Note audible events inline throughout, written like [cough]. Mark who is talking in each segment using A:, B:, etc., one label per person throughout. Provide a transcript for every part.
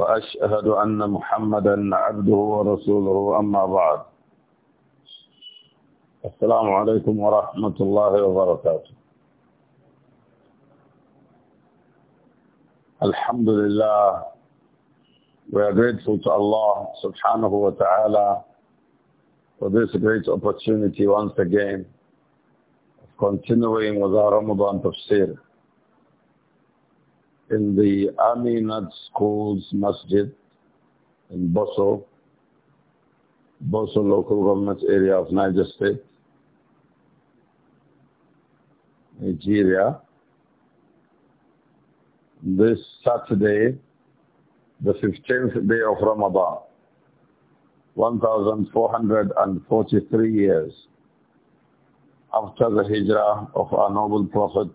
A: وأشهد أن محمدا عبده ورسوله أما بعد السلام عليكم ورحمة الله وبركاته الحمد لله we are grateful to Allah subhanahu wa ta'ala for this great opportunity once again of continuing with our Ramadan tafsir. in the Aminat Schools Masjid in Boso, Boso local government area of Niger State, Nigeria. This Saturday, the 15th day of Ramadan, 1443 years after the hijrah of our noble prophet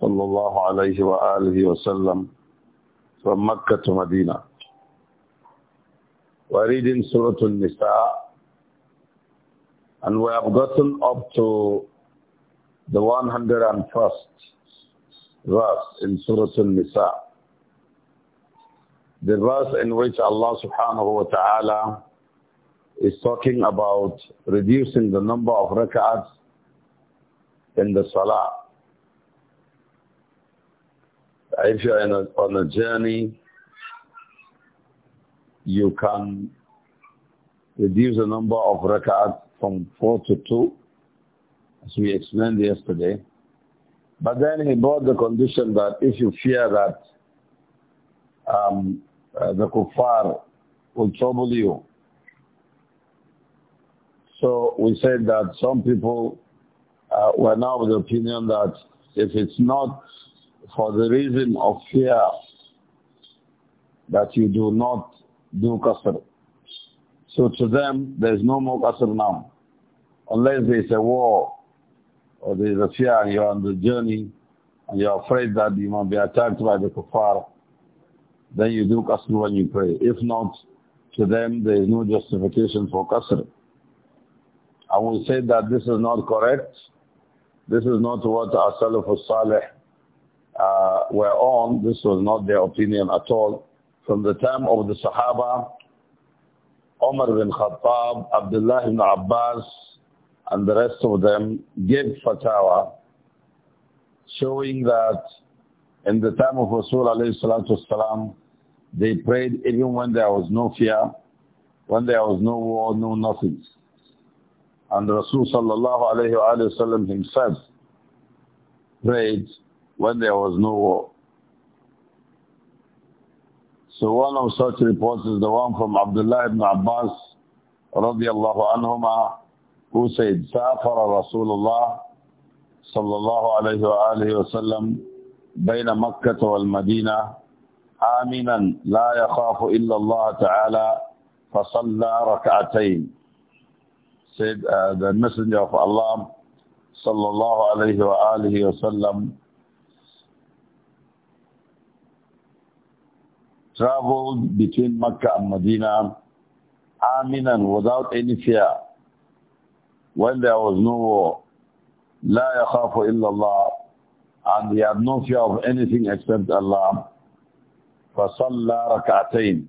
A: صلى الله عليه وآله وسلم from Mecca to Medina. We're reading Surah Al-Nisa and we have gotten up to the 101st verse in Surah Al-Nisa. The verse in which Allah subhanahu wa ta'ala is talking about reducing the number of rak'ats in the salah if you are a, on a journey, you can reduce the number of rak'at from four to two, as we explained yesterday. But then he brought the condition that if you fear that um, uh, the kuffar will trouble you, so we said that some people uh, were now of the opinion that if it's not for the reason of fear that you do not do qasr. So to them, there is no more qasr now. Unless there is a war or there is a fear and you are on the journey and you are afraid that you might be attacked by the kuffar, then you do qasr when you pray. If not, to them, there is no justification for qasr. I will say that this is not correct. This is not what our Salafus Salih uh, were on, this was not their opinion at all. From the time of the Sahaba, Omar bin Khattab, Abdullah ibn Abbas, and the rest of them gave fatwa showing that in the time of Rasul alayhi they prayed even when there was no fear, when there was no war, no nothing. And Rasul alayhi wa himself prayed when there was no war. So one of such reports is the one from Abdullah ibn Abbas radiallahu anhuma who said, "Safar رسول الله صلى الله عليه وآله وسلم بين مكة والمدينة آمنا لا يخاف إلا الله تعالى فصلى ركعتين said uh, the messenger of Allah sallallahu alayhi wa alihi wasallam traveled between Mecca and Medina, Amin and without any fear, when there was no war, La إلا الله and he had no fear of anything except Allah. فَصَلَّى رَكَعَتَيْن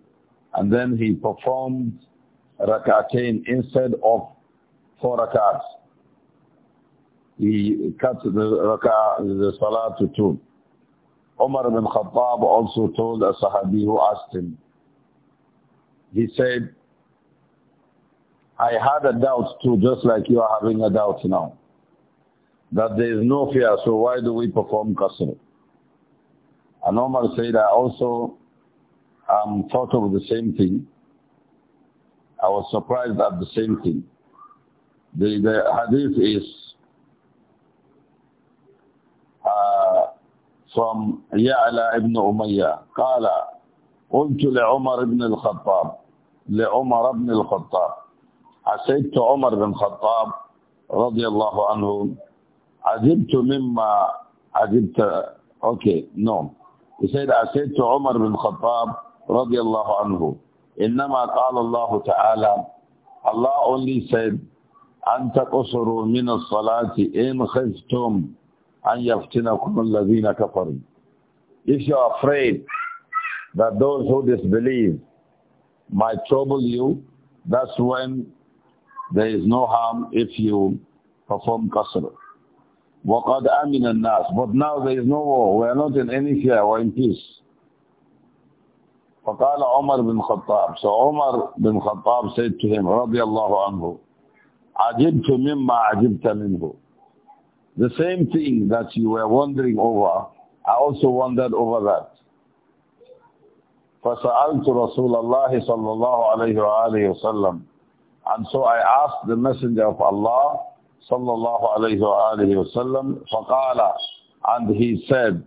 A: And then he performed rak'atayn instead of four rak'ats. He cut the the salah to two. Umar ibn Khattab also told a Sahabi who asked him, he said, I had a doubt too, just like you are having a doubt now, that there is no fear, so why do we perform qasr? And Omar said, I also um, thought of the same thing. I was surprised at the same thing. The, the hadith is from Ya'la ibn Umayyah قال قلت لعمر بن الخطاب لعمر بن الخطاب I عمر بن الخطاب رضي الله عنه عجبت مما عجبت okay no he said I said to Umar رضي الله عنه إنما قال الله تعالى الله only said أن تقصروا من الصلاة إن خفتم أن يفتنكم الذين كفروا. If you are afraid that those who disbelieve might trouble you, that's when there is no harm if you perform qasr. وَقَدْ أَمِنَ النَّاسِ But now there is no war. We are not in any fear. We are in peace. فقال عمر بن خطاب So Umar bin Khattab said to him, رضي الله عنه, عَجِبْتُ مِمَّا عَجِبْتَ مِنْهُ The same thing that you were wondering over, I also wondered over that. فَسَأَلْتُ رَسُولَ اللَّهِ صَلَّى اللَّهُ عَلَيْهِ وَسَلَّمَ And so I asked the Messenger of Allah صلى الله عليه وآله وسلم فقال and he said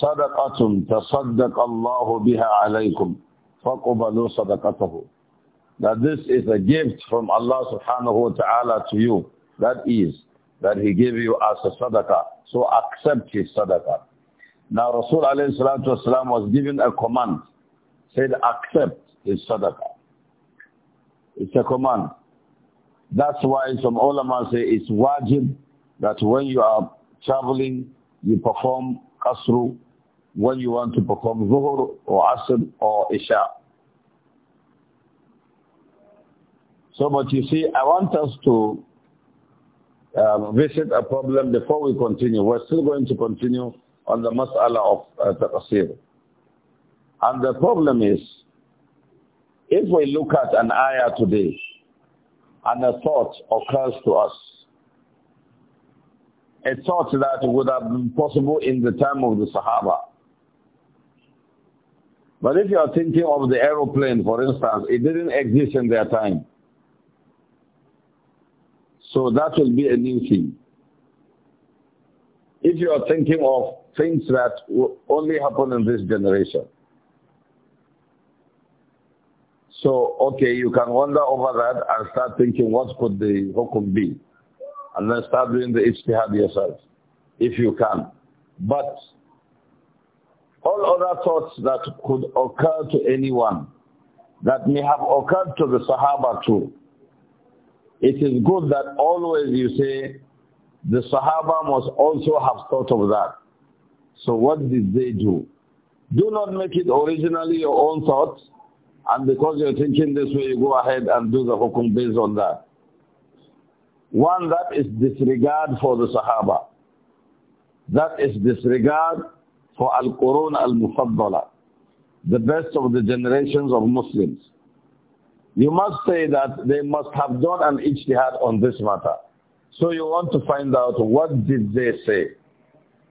A: صدقة تصدق الله بها عليكم فقبلوا صدقته that this is a gift from Allah subhanahu wa ta'ala to you that is that he gave you as a sadaqah. So accept his sadaqah. Now Rasul alayhi was given a command, said accept his sadaqah. It's a command. That's why some ulama say it's wajib that when you are traveling, you perform qasru when you want to perform zuhur or asr or isha. So but you see, I want us to uh, visit a problem before we continue. We're still going to continue on the mas'ala of uh, taqsir. And the problem is, if we look at an ayah today, and a thought occurs to us, a thought that would have been possible in the time of the Sahaba. But if you are thinking of the aeroplane, for instance, it didn't exist in their time. So that will be a new thing. If you are thinking of things that only happen in this generation, so, okay, you can wonder over that and start thinking what could the hukum be. And then start doing the ijtihad yourself, if you can. But all other thoughts that could occur to anyone, that may have occurred to the Sahaba too, it is good that always you say, the Sahaba must also have thought of that. So what did they do? Do not make it originally your own thoughts, and because you're thinking this way, you go ahead and do the hukum based on that. One, that is disregard for the Sahaba. That is disregard for Al-Qurun Al-Mufaddala, the best of the generations of Muslims. You must say that they must have done an ijtihad on this matter. So you want to find out what did they say?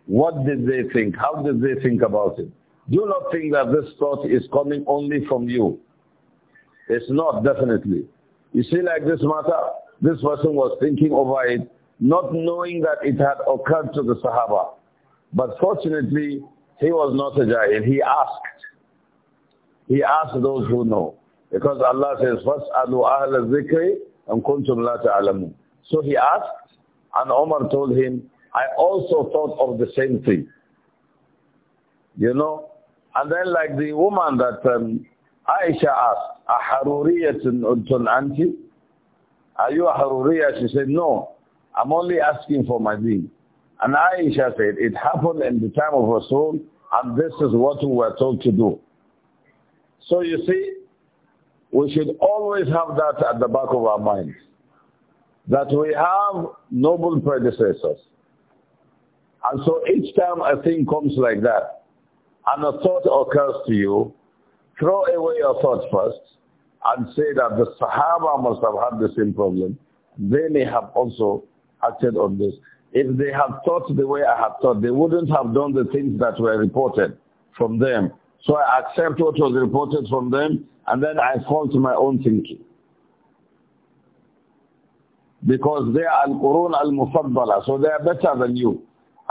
A: What did they think? How did they think about it? Do not think that this thought is coming only from you. It's not, definitely. You see, like this matter, this person was thinking over it, not knowing that it had occurred to the Sahaba. But fortunately, he was not a jahil. He asked. He asked those who know. Because Allah says, فَاسْأَلُوا أَهْلَ الذِّكْرِ أَمْ كُنْتُمْ لَا تَعْلَمُونَ So he asked, and Omar told him, I also thought of the same thing. You know? And then like the woman that um, Aisha asked, أَحَرُورِيَةٌ Are you a Haruriya? She said, no, I'm only asking for my deen. And Aisha said, it happened in the time of Rasul, and this is what we were told to do. So you see, we should always have that at the back of our minds, that we have noble predecessors. And so each time a thing comes like that, and a thought occurs to you, throw away your thought first and say that the Sahaba must have had the same problem. They may have also acted on this. If they had thought the way I had thought, they wouldn't have done the things that were reported from them so I accept what was reported from them and then I fall to my own thinking. Because they are al-Qurun al-Mufaddala, so they are better than you.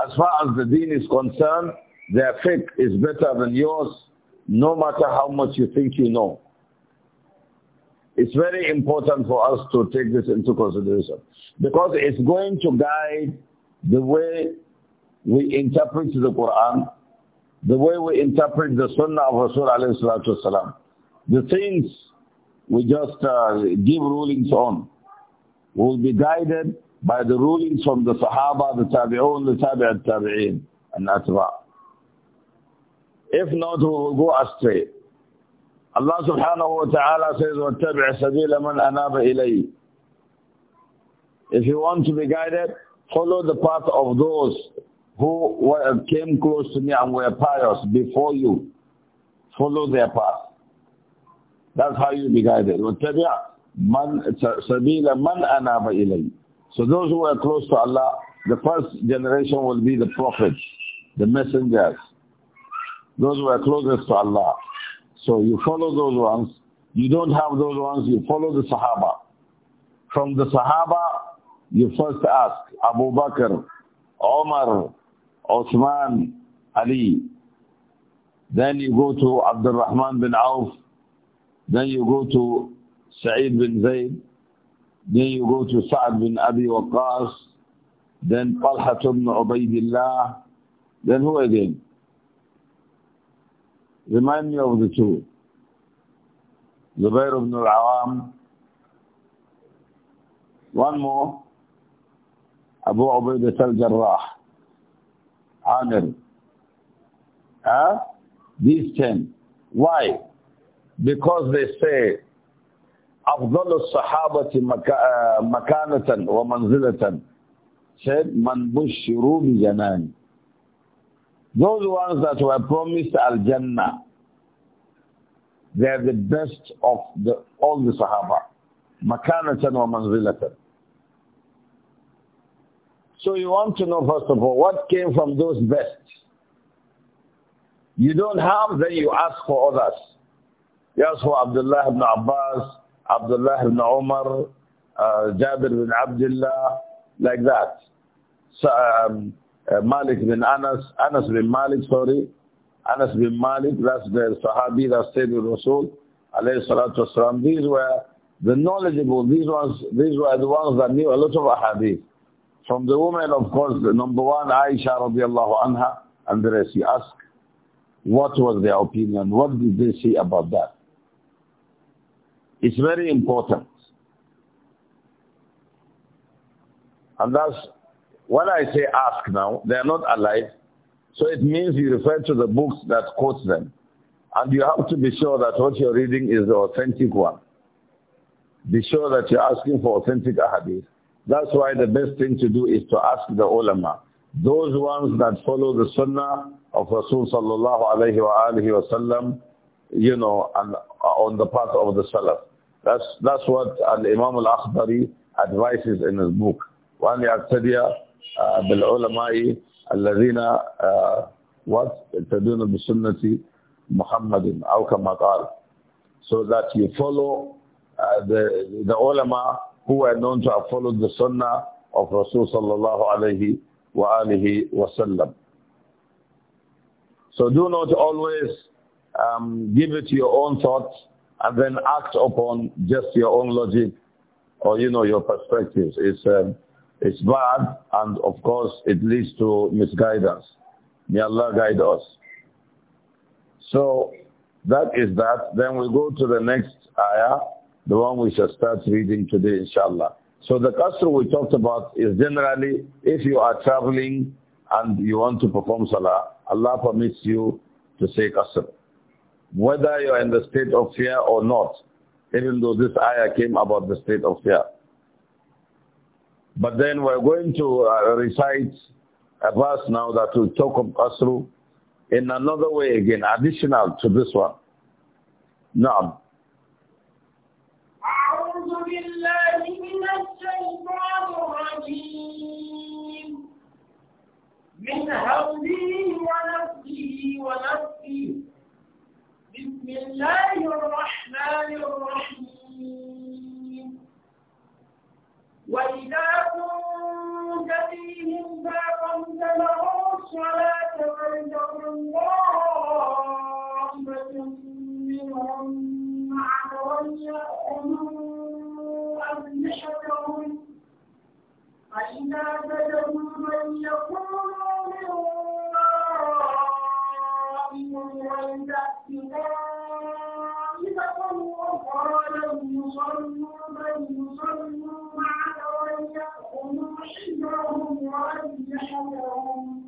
A: As far as the deen is concerned, their faith is better than yours, no matter how much you think you know. It's very important for us to take this into consideration. Because it's going to guide the way we interpret the Quran the way we interpret the sunnah of Rasul alayhi salatu wasalam. The things we just uh, give rulings on will be guided by the rulings from the Sahaba, the Tabi'un, the Tabi'at Tabi'in, and Atba. If not, we will go astray. Allah subhanahu wa ta'ala says, وَاتَّبِعْ سَبِيلَ مَنْ أَنَابَ إِلَيْهِ If you want to be guided, follow the path of those who were, came close to me and were pious before you, follow their path. That's how you be guided. Man, So those who are close to Allah, the first generation will be the prophets, the messengers. Those who are closest to Allah. So you follow those ones. You don't have those ones, you follow the Sahaba. From the Sahaba, you first ask Abu Bakr, Omar, Osman Ali. Then you go to Abdul Rahman bin Auf. Then you go to Sa'id bin Zayd. Then you go to Sa'ad bin Abi Waqqas. Then Talha ibn Ubaidillah. Then who again? Remind me of the two. Zubair ibn al-Awam. One more. Abu Ubaidah al-Jarrah. Huh? These ten. Why? Because they say, أفضل الصحابة مكانة ومنزلة said, من بشروا بجنان Those ones that were promised Al-Jannah, they are the best of the, all the Sahaba. مكانة ومنزلة so you want to know first of all, what came from those best? You don't have, then you ask for others. You ask for Abdullah ibn Abbas, Abdullah ibn Umar, uh, Jabir ibn Abdullah, like that. So, um, uh, Malik bin Anas, Anas bin Malik, sorry. Anas bin Malik, that's the Sahabi that stayed with Rasul, alayhi salatu wasalam. These were the knowledgeable, these ones, these were the ones that knew a lot of Ahadith. From the women, of course, number one, Aisha radiallahu anha, and the rest. You ask, what was their opinion? What did they say about that? It's very important. And that's, when I say ask now, they are not alive. So it means you refer to the books that quote them. And you have to be sure that what you're reading is the authentic one. Be sure that you're asking for authentic ahadith. That's why the best thing to do is to ask the ulama. Those ones that follow the sunnah of Rasul sallallahu alayhi wa you know, and on the path of the salaf. That's, that's what Al-Imam Al-Akhbari advises in his book. وأن يعتدي بالعلماء الذين يقتدون بسنة محمد أو كما قال. So that you follow uh, the, the ulama who were known to have followed the sunnah of Rasul sallallahu alayhi wa alihi So do not always um, give it your own thoughts and then act upon just your own logic or, you know, your perspectives. It's, um, it's bad and, of course, it leads to misguidance. May Allah guide us. So that is that. Then we go to the next ayah the one we shall start reading today, inshallah. So the qasr we talked about is generally if you are traveling and you want to perform salah, Allah permits you to say qasr. Whether you are in the state of fear or not, even though this ayah came about the state of fear. But then we're going to uh, recite a verse now that will talk of qasr in another way again, additional to this one. Now,
B: بسم الله الرحمن الرحيم وإذا كنت فيهم فأقمت لهم الصلاة فلتقل الله شكروا فإذا زجروا من يقولوا من ورائكم ولتأتي طائفة أخرى لم يصلوا بل يصلوا معك وليأخذوا حذرهم وأسلحتهم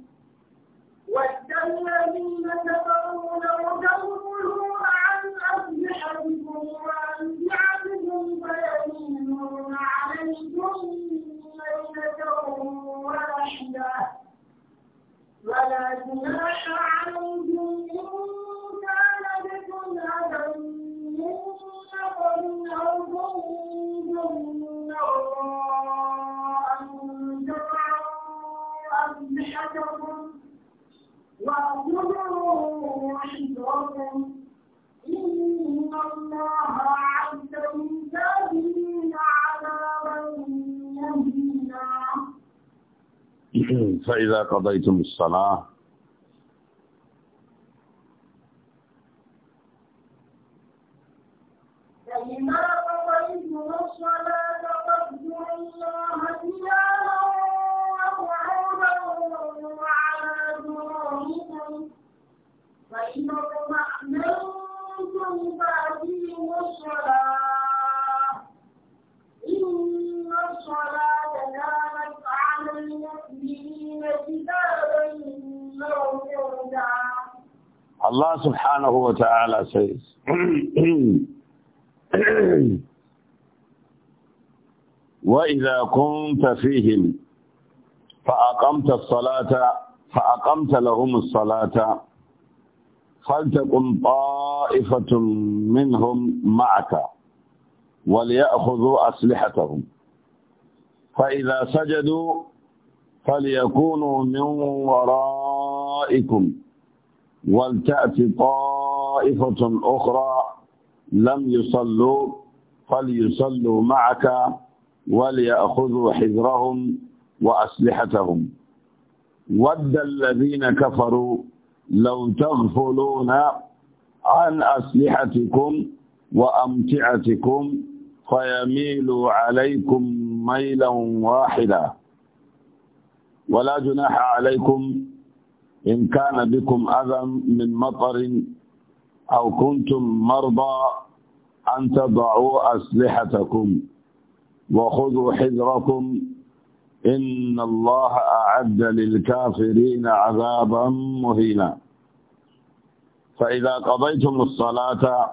B: ود الذين كفروا لو تغفلون عن أسلحتكم وأمتعتكم ميتة واحدة ولا جناح عليهم إن كان بكم أذى من نفر أو جند أن تقعوا أسلحتكم واخذوا حذركم إن الله أعدكم ذلك
A: فإذا قضيتم الصلاة الله سبحانه وتعالى سيس وإذا كنت فيهم فأقمت الصلاة فأقمت لهم الصلاة فلتكن طائفة منهم معك وليأخذوا أسلحتهم فإذا سجدوا فليكونوا من ورائكم ولتأت طائفة أخرى لم يصلوا فليصلوا معك وليأخذوا حذرهم وأسلحتهم ود الذين كفروا لو تغفلون عن أسلحتكم وأمتعتكم فيميلوا عليكم ميلا واحدا ولا جناح عليكم إن كان بكم أذى من مطر أو كنتم مرضى أن تضعوا أسلحتكم وخذوا حذركم إن الله أعد للكافرين عذابا مهينا فإذا قضيتم الصلاة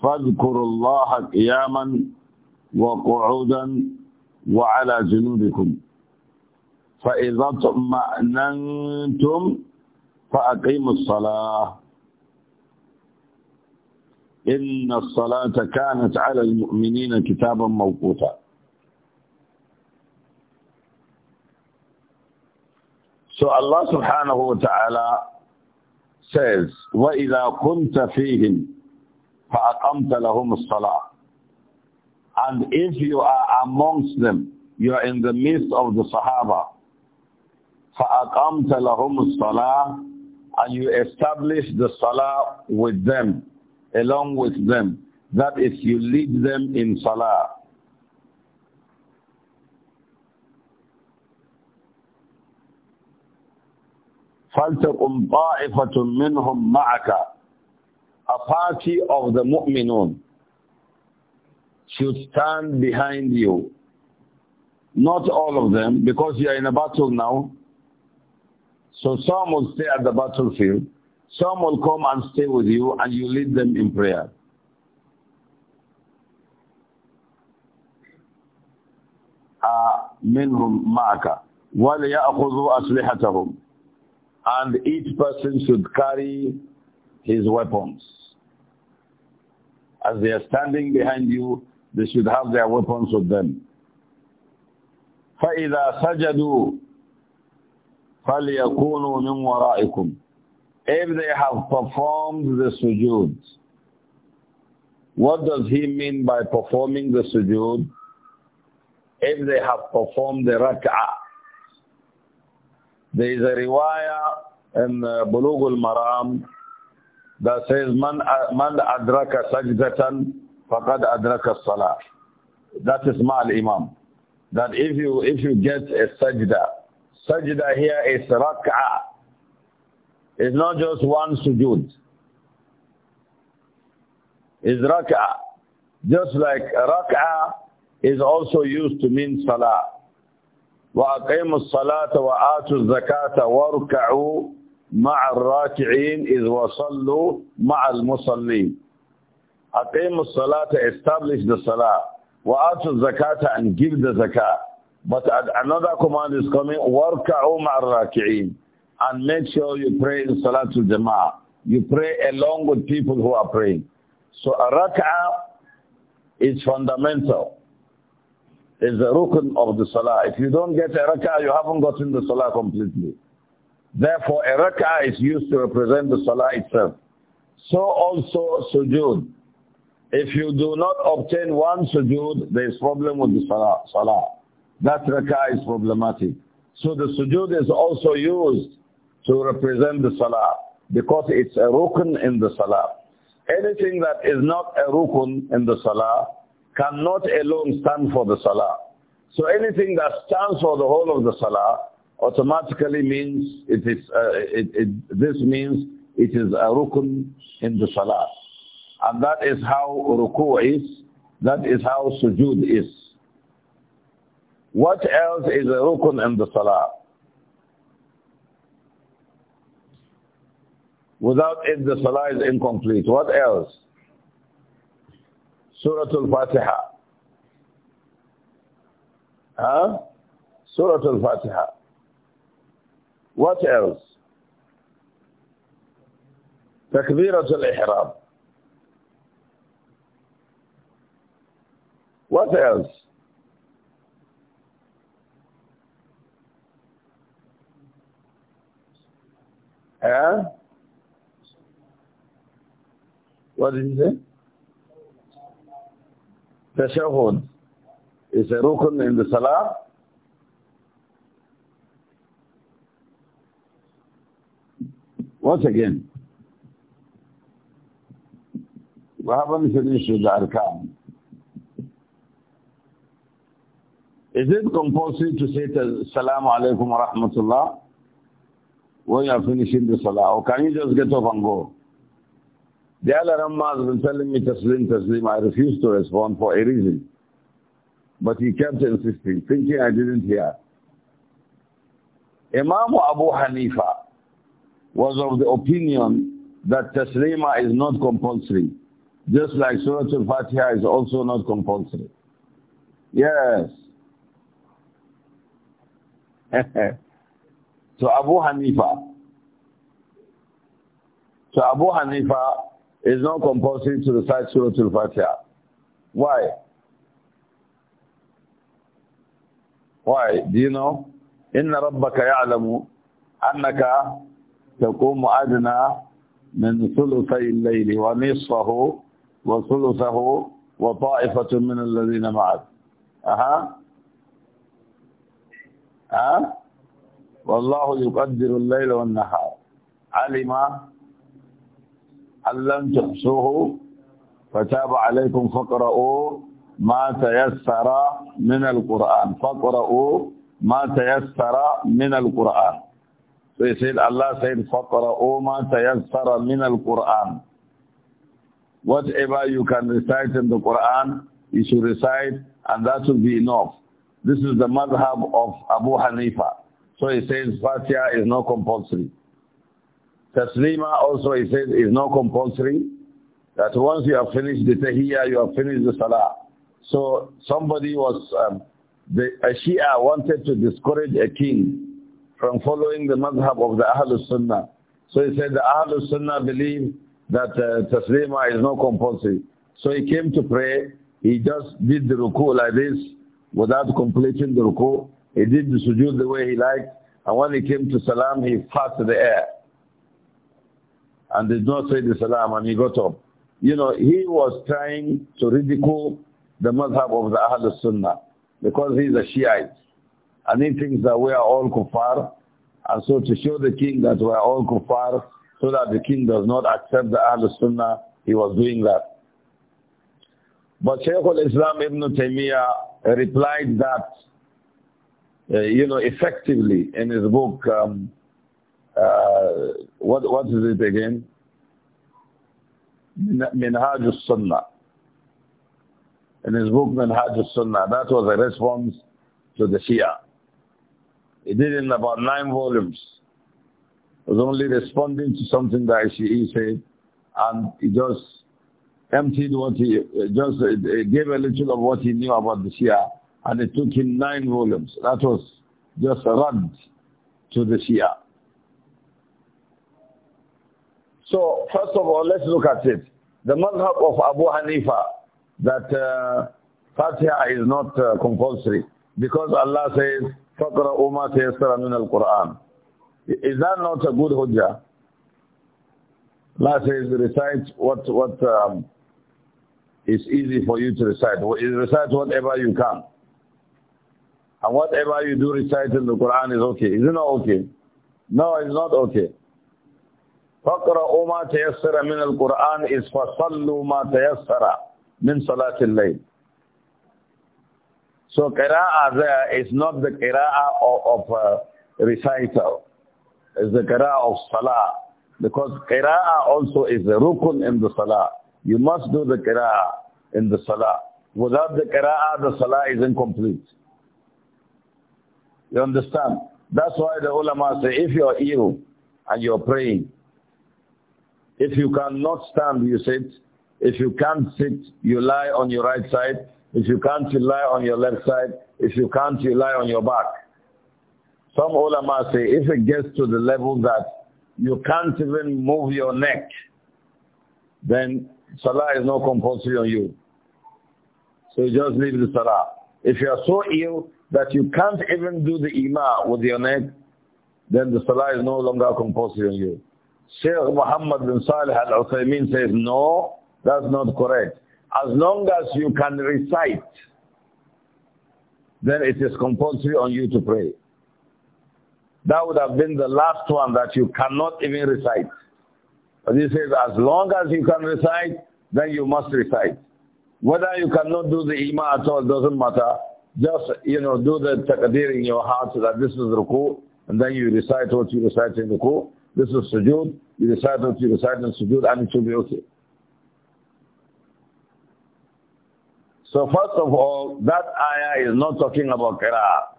A: فاذكروا الله قياما وقعودا وعلى جنوبكم فإذا اطمأننتم فأقيموا الصلاة إن الصلاة كانت على المؤمنين كتابا موقوتا So Allah subhanahu wa ta'ala says, وَإِذَا كُنْتَ فِيهِمْ فَأَقَمْتَ لَهُمُ الصَّلَاةِ And if you are amongst them, you are in the midst of the Sahaba, فَأَقَمْتَ لَهُمُ الصَّلَاةِ And you establish the salah with them, along with them. That is, you lead them in salah. فَلْتَقُمْ طَائِفَةٌ مِّنْهُمْ مَعَكَ A party of the mu'minun should stand behind you. Not all of them, because you are in a battle now. So some will stay at the battlefield, some will come and stay with you and you lead them in prayer. منهم uh, معك وليأخذوا أسلحتهم and each person should carry his weapons. As they are standing behind you, they should have their weapons with them. فَإِذَا سَجَدُوا فَلْيَكُونُوا مِنْ وَرَائِكُمْ If they have performed the sujood, what does he mean by performing the sujood? If they have performed the rak'ah. There is a riwayah in uh, Bulugh al-Maram that says, Man, uh, man adraka sajdatan faqad adraka salah. That is Ma'al Imam. That if you, if you get a sajda, Sajda here is rak'ah. It's not just one sujood. It's rak'ah. Just like rak'ah is also used to mean salah. وَأَقِيمُوا الصَّلَاةَ وَآتُوا الزَّكَاةَ وَارْكَعُوا مَعَ الرَّاكِعِينَ إِذْ وَصَلُّوا مَعَ الْمُصَلِّينَ أَقِيمُوا الصَّلَاةَ Establish the salah. وَآتُوا الزَّكَاةَ And give the zakah. But another command is coming, وَارْكَعُوا مَعَ الرَّاكِعِينَ And make sure you pray in Salatul Jama'ah. You pray along with people who are praying. So a rak'ah is fundamental. It's a rukun of the salah. If you don't get a rak'ah, you haven't gotten the salah completely. Therefore, a rak'ah is used to represent the salah itself. So also sujood. If you do not obtain one sujood, there is problem with the salah. salah. That rak'ah is problematic. So the sujood is also used to represent the salah because it's a rukun in the salah. Anything that is not a rukun in the salah cannot alone stand for the salah. So anything that stands for the whole of the salah automatically means it is, uh, it, it, this means it is a rukun in the salah. And that is how ruku is, that is how sujud is. What else is a rukun in the salah? Without it, the salah is incomplete. What else? Surah Al-Fatiha. Huh? Surah Al-Fatiha. What else? Al-Ihram. What else? Eh? What did he say? Tashahud is a rukun in the salah. Once again, we haven't finished with the arkan. Is it compulsory to say Salaam alaikum wa rahmatullah? when you are finishing the salah, or can you just get up and go? The other Ramma been telling me Taslim, Taslim. I refused to respond for a reason. But he kept insisting, thinking I didn't hear. Imam Abu Hanifa was of the opinion that Taslima is not compulsory. Just like Surah Al-Fatiha is also not compulsory. Yes. [laughs] So Abu Hanifa. So Abu Hanifa is not compulsory to recite Surah Al-Fatiha. Why? Why? Do you know? Inna Rabbaka ya'lamu annaka taqumu adna min thuluthay al wa nisfahu wa thuluthahu wa ta'ifatun min alladhina ma'ak. Aha. Uh -huh. Aha. والله يقدر الليل والنهار علم أن لم تحصوه فتاب عليكم فاقرؤوا ما تيسر من القرآن فاقرؤوا ما تيسر من القرآن فيسير الله سيد فَقْرَأُوا مَا تَيَسَّرَ مِنَ الْقُرْآنِ Whatever you can recite in the Quran, you should recite, and that will be enough. This is the madhab of Abu Hanifa. So he says Fatiha is not compulsory. Taslima also he says is not compulsory. That once you have finished the Tahiyya, you have finished the Salah. So somebody was, um, the, a Shia wanted to discourage a king from following the madhab of the Ahlul Sunnah. So he said the Ahlul Sunnah believe that uh, Taslima is not compulsory. So he came to pray. He just did the ruku like this without completing the ruku. He did the sujood the way he liked, and when he came to salam, he passed the air. And did not say the salam, and he got up. You know, he was trying to ridicule the madhab of the Ahlul Sunnah, because he's a Shiite. And he thinks that we are all kuffar, and so to show the king that we are all kuffar, so that the king does not accept the Ahlul Sunnah, he was doing that. But Shaykh al-Islam Ibn Taymiyyah replied that uh, you know, effectively in his book, um, uh, what, what is it again? Minhaj sunnah In his book Minhaj sunnah that was a response to the Shia. He did in about nine volumes. He was only responding to something that he said, and he just emptied what he, just uh, gave a little of what he knew about the Shia and it took him nine volumes. That was just a run to the Shia. So, first of all, let's look at it. The madhab of Abu Hanifa, that uh, Fatiha is not uh, compulsory. Because Allah says, فَقْرَأُوا مَا تَيَسَّرَ مِنَ الْقُرْآنِ Is that not a good hujjah? Allah says, recite what, what um, is easy for you to recite. Recite whatever you can. And whatever you do reciting the Quran is okay. Is it not okay? No, it's not okay. فَقْرَأُوا مَا تَيَسَّرَ مِنَ الْقُرْآنِ is فَصَلُّوا مَا تَيَسَّرَ مِنْ صَلَاةِ اللَّيْلِ So qira'ah there is not the qira'ah of, of uh, recital. It's the qira'ah of salah. Because qira'ah also is a rukun in the salah. You must do the qira'ah in the salah. Without the qira'ah, the salah is incomplete. You understand? That's why the ulama say, if you're ill and you're praying, if you cannot stand, you sit. If you can't sit, you lie on your right side. If you can't, you lie on your left side. If you can't, you lie on your back. Some ulama say, if it gets to the level that you can't even move your neck, then salah is not compulsory on you. So you just leave the salah. If you are so ill that you can't even do the imam with your neck, then the salah is no longer compulsory on you. Sheikh Muhammad bin Salih al-Uthaymeen says, no, that's not correct. As long as you can recite, then it is compulsory on you to pray. That would have been the last one that you cannot even recite. But he says, as long as you can recite, then you must recite. Whether you cannot do the imam at all doesn't matter just, you know, do the taqdeer in your heart so that this is ruku, and then you recite what you recite in ruku. This is sujood, you recite what you recite in sujood, and it will be okay. So first of all, that ayah is not talking about qira'ah.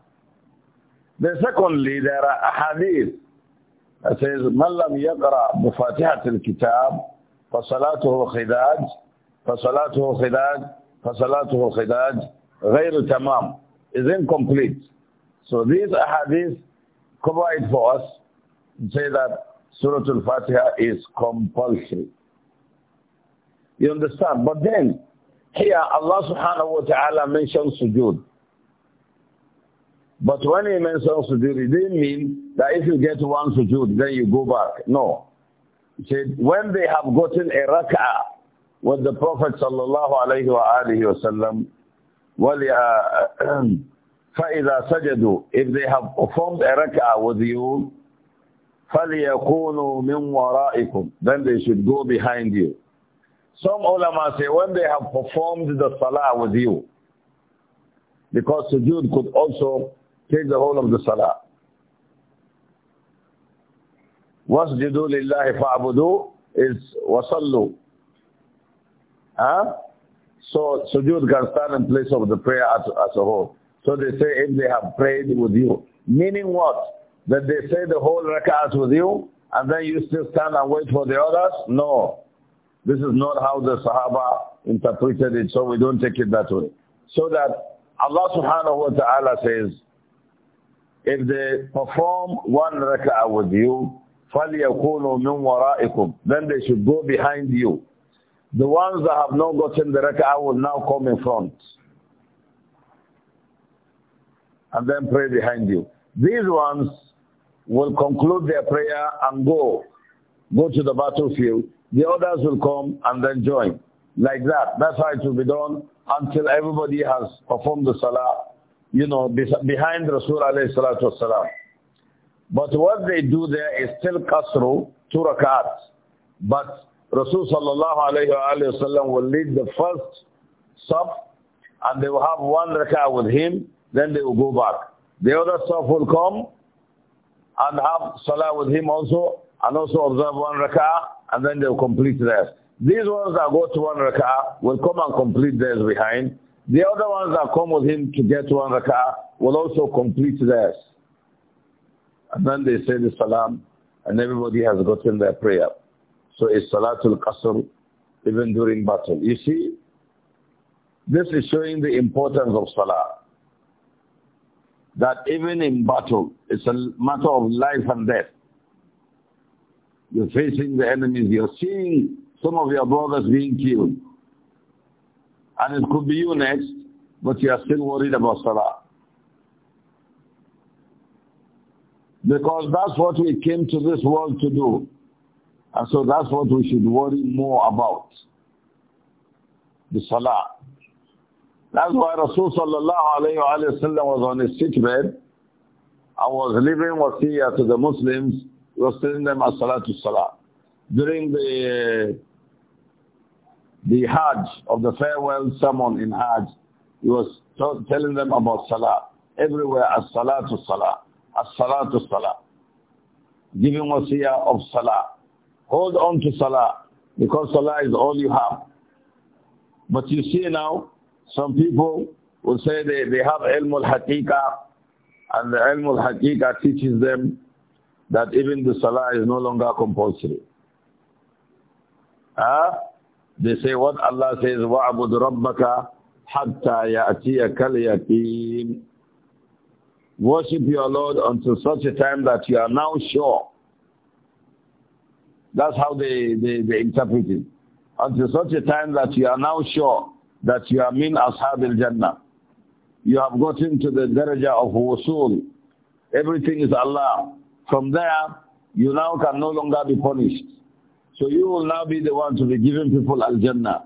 A: Then secondly, there are hadith that says, من لم يقرأ al الكتاب فصلاته خداج فصلاته خداج فصلاته خداج غير tamam, is incomplete. So these ahadith provide for us and say that Surah Al-Fatiha is compulsory. You understand? But then, here Allah subhanahu wa ta'ala mentions sujood. But when he mentions sujood, it didn't mean that if you get one sujood, then you go back. No. He said, when they have gotten a rak'ah with the Prophet sallallahu alayhi wa alihi wa sallam, فإذا سجدوا if they have performed a rak'ah with you فَلْيَكُونُوا مِنْ وَرَائِكُمْ then they should go behind you some ulama say when they have performed the salah with you because sujood could also take the whole of the salah وَسْجِدُوا لِلَّهِ فَعْبُدُوا is وَصَلُّوا huh? So sujood can stand in place of the prayer as, as a whole. So they say if they have prayed with you. Meaning what? That they say the whole rak'ahs with you and then you still stand and wait for the others? No. This is not how the Sahaba interpreted it, so we don't take it that way. So that Allah subhanahu wa ta'ala says, if they perform one rak'ah with you, فَلْيَكُونُوا مِنْ وَرَائِكُمْ Then they should go behind you. The ones that have not gotten the I will now come in front. And then pray behind you. These ones will conclude their prayer and go. Go to the battlefield. The others will come and then join. Like that. That's how it will be done until everybody has performed the salah, you know, behind Rasul alayhi salatu wasalam. But what they do there is still kasru, two rakats. But Rasul sallallahu alayhi wa sallam will lead the first sub and they will have one rak'ah with him, then they will go back. The other sub will come and have salah with him also and also observe one rak'ah and then they will complete theirs. These ones that go to one rak'ah will come and complete theirs behind. The other ones that come with him to get to one rak'ah will also complete theirs. And then they say the salam and everybody has gotten their prayer. So it's Salatul Qasr even during battle. You see, this is showing the importance of Salah. That even in battle, it's a matter of life and death. You're facing the enemies, you're seeing some of your brothers being killed. And it could be you next, but you are still worried about Salah. Because that's what we came to this world to do. And so that's what we should worry more about. The salah. That's why Rasulullah sallallahu was on his sick bed and was leaving wasiyah to the Muslims. He was telling them as salatu salah. During the the Hajj of the farewell sermon in Hajj, he was telling them about Salah. Everywhere, as Salah to Salah, as Salah to Salah. Giving wasiyah of Salah. Hold on to Salah because Salah is all you have. But you see now, some people will say they, they have ilm al and the ilm al teaches them that even the Salah is no longer compulsory. Huh? They say what Allah says, rabbaka رَبَّكَ حَتَّى يَأْتِيَكَ الْيَقِينَ Worship your Lord until such a time that you are now sure that's how they, they, they interpret it. Until such a time that you are now sure that you are min ashab al-jannah. You have gotten to the daraja of wusul. Everything is Allah. From there, you now can no longer be punished. So you will now be the one to be giving people al-jannah.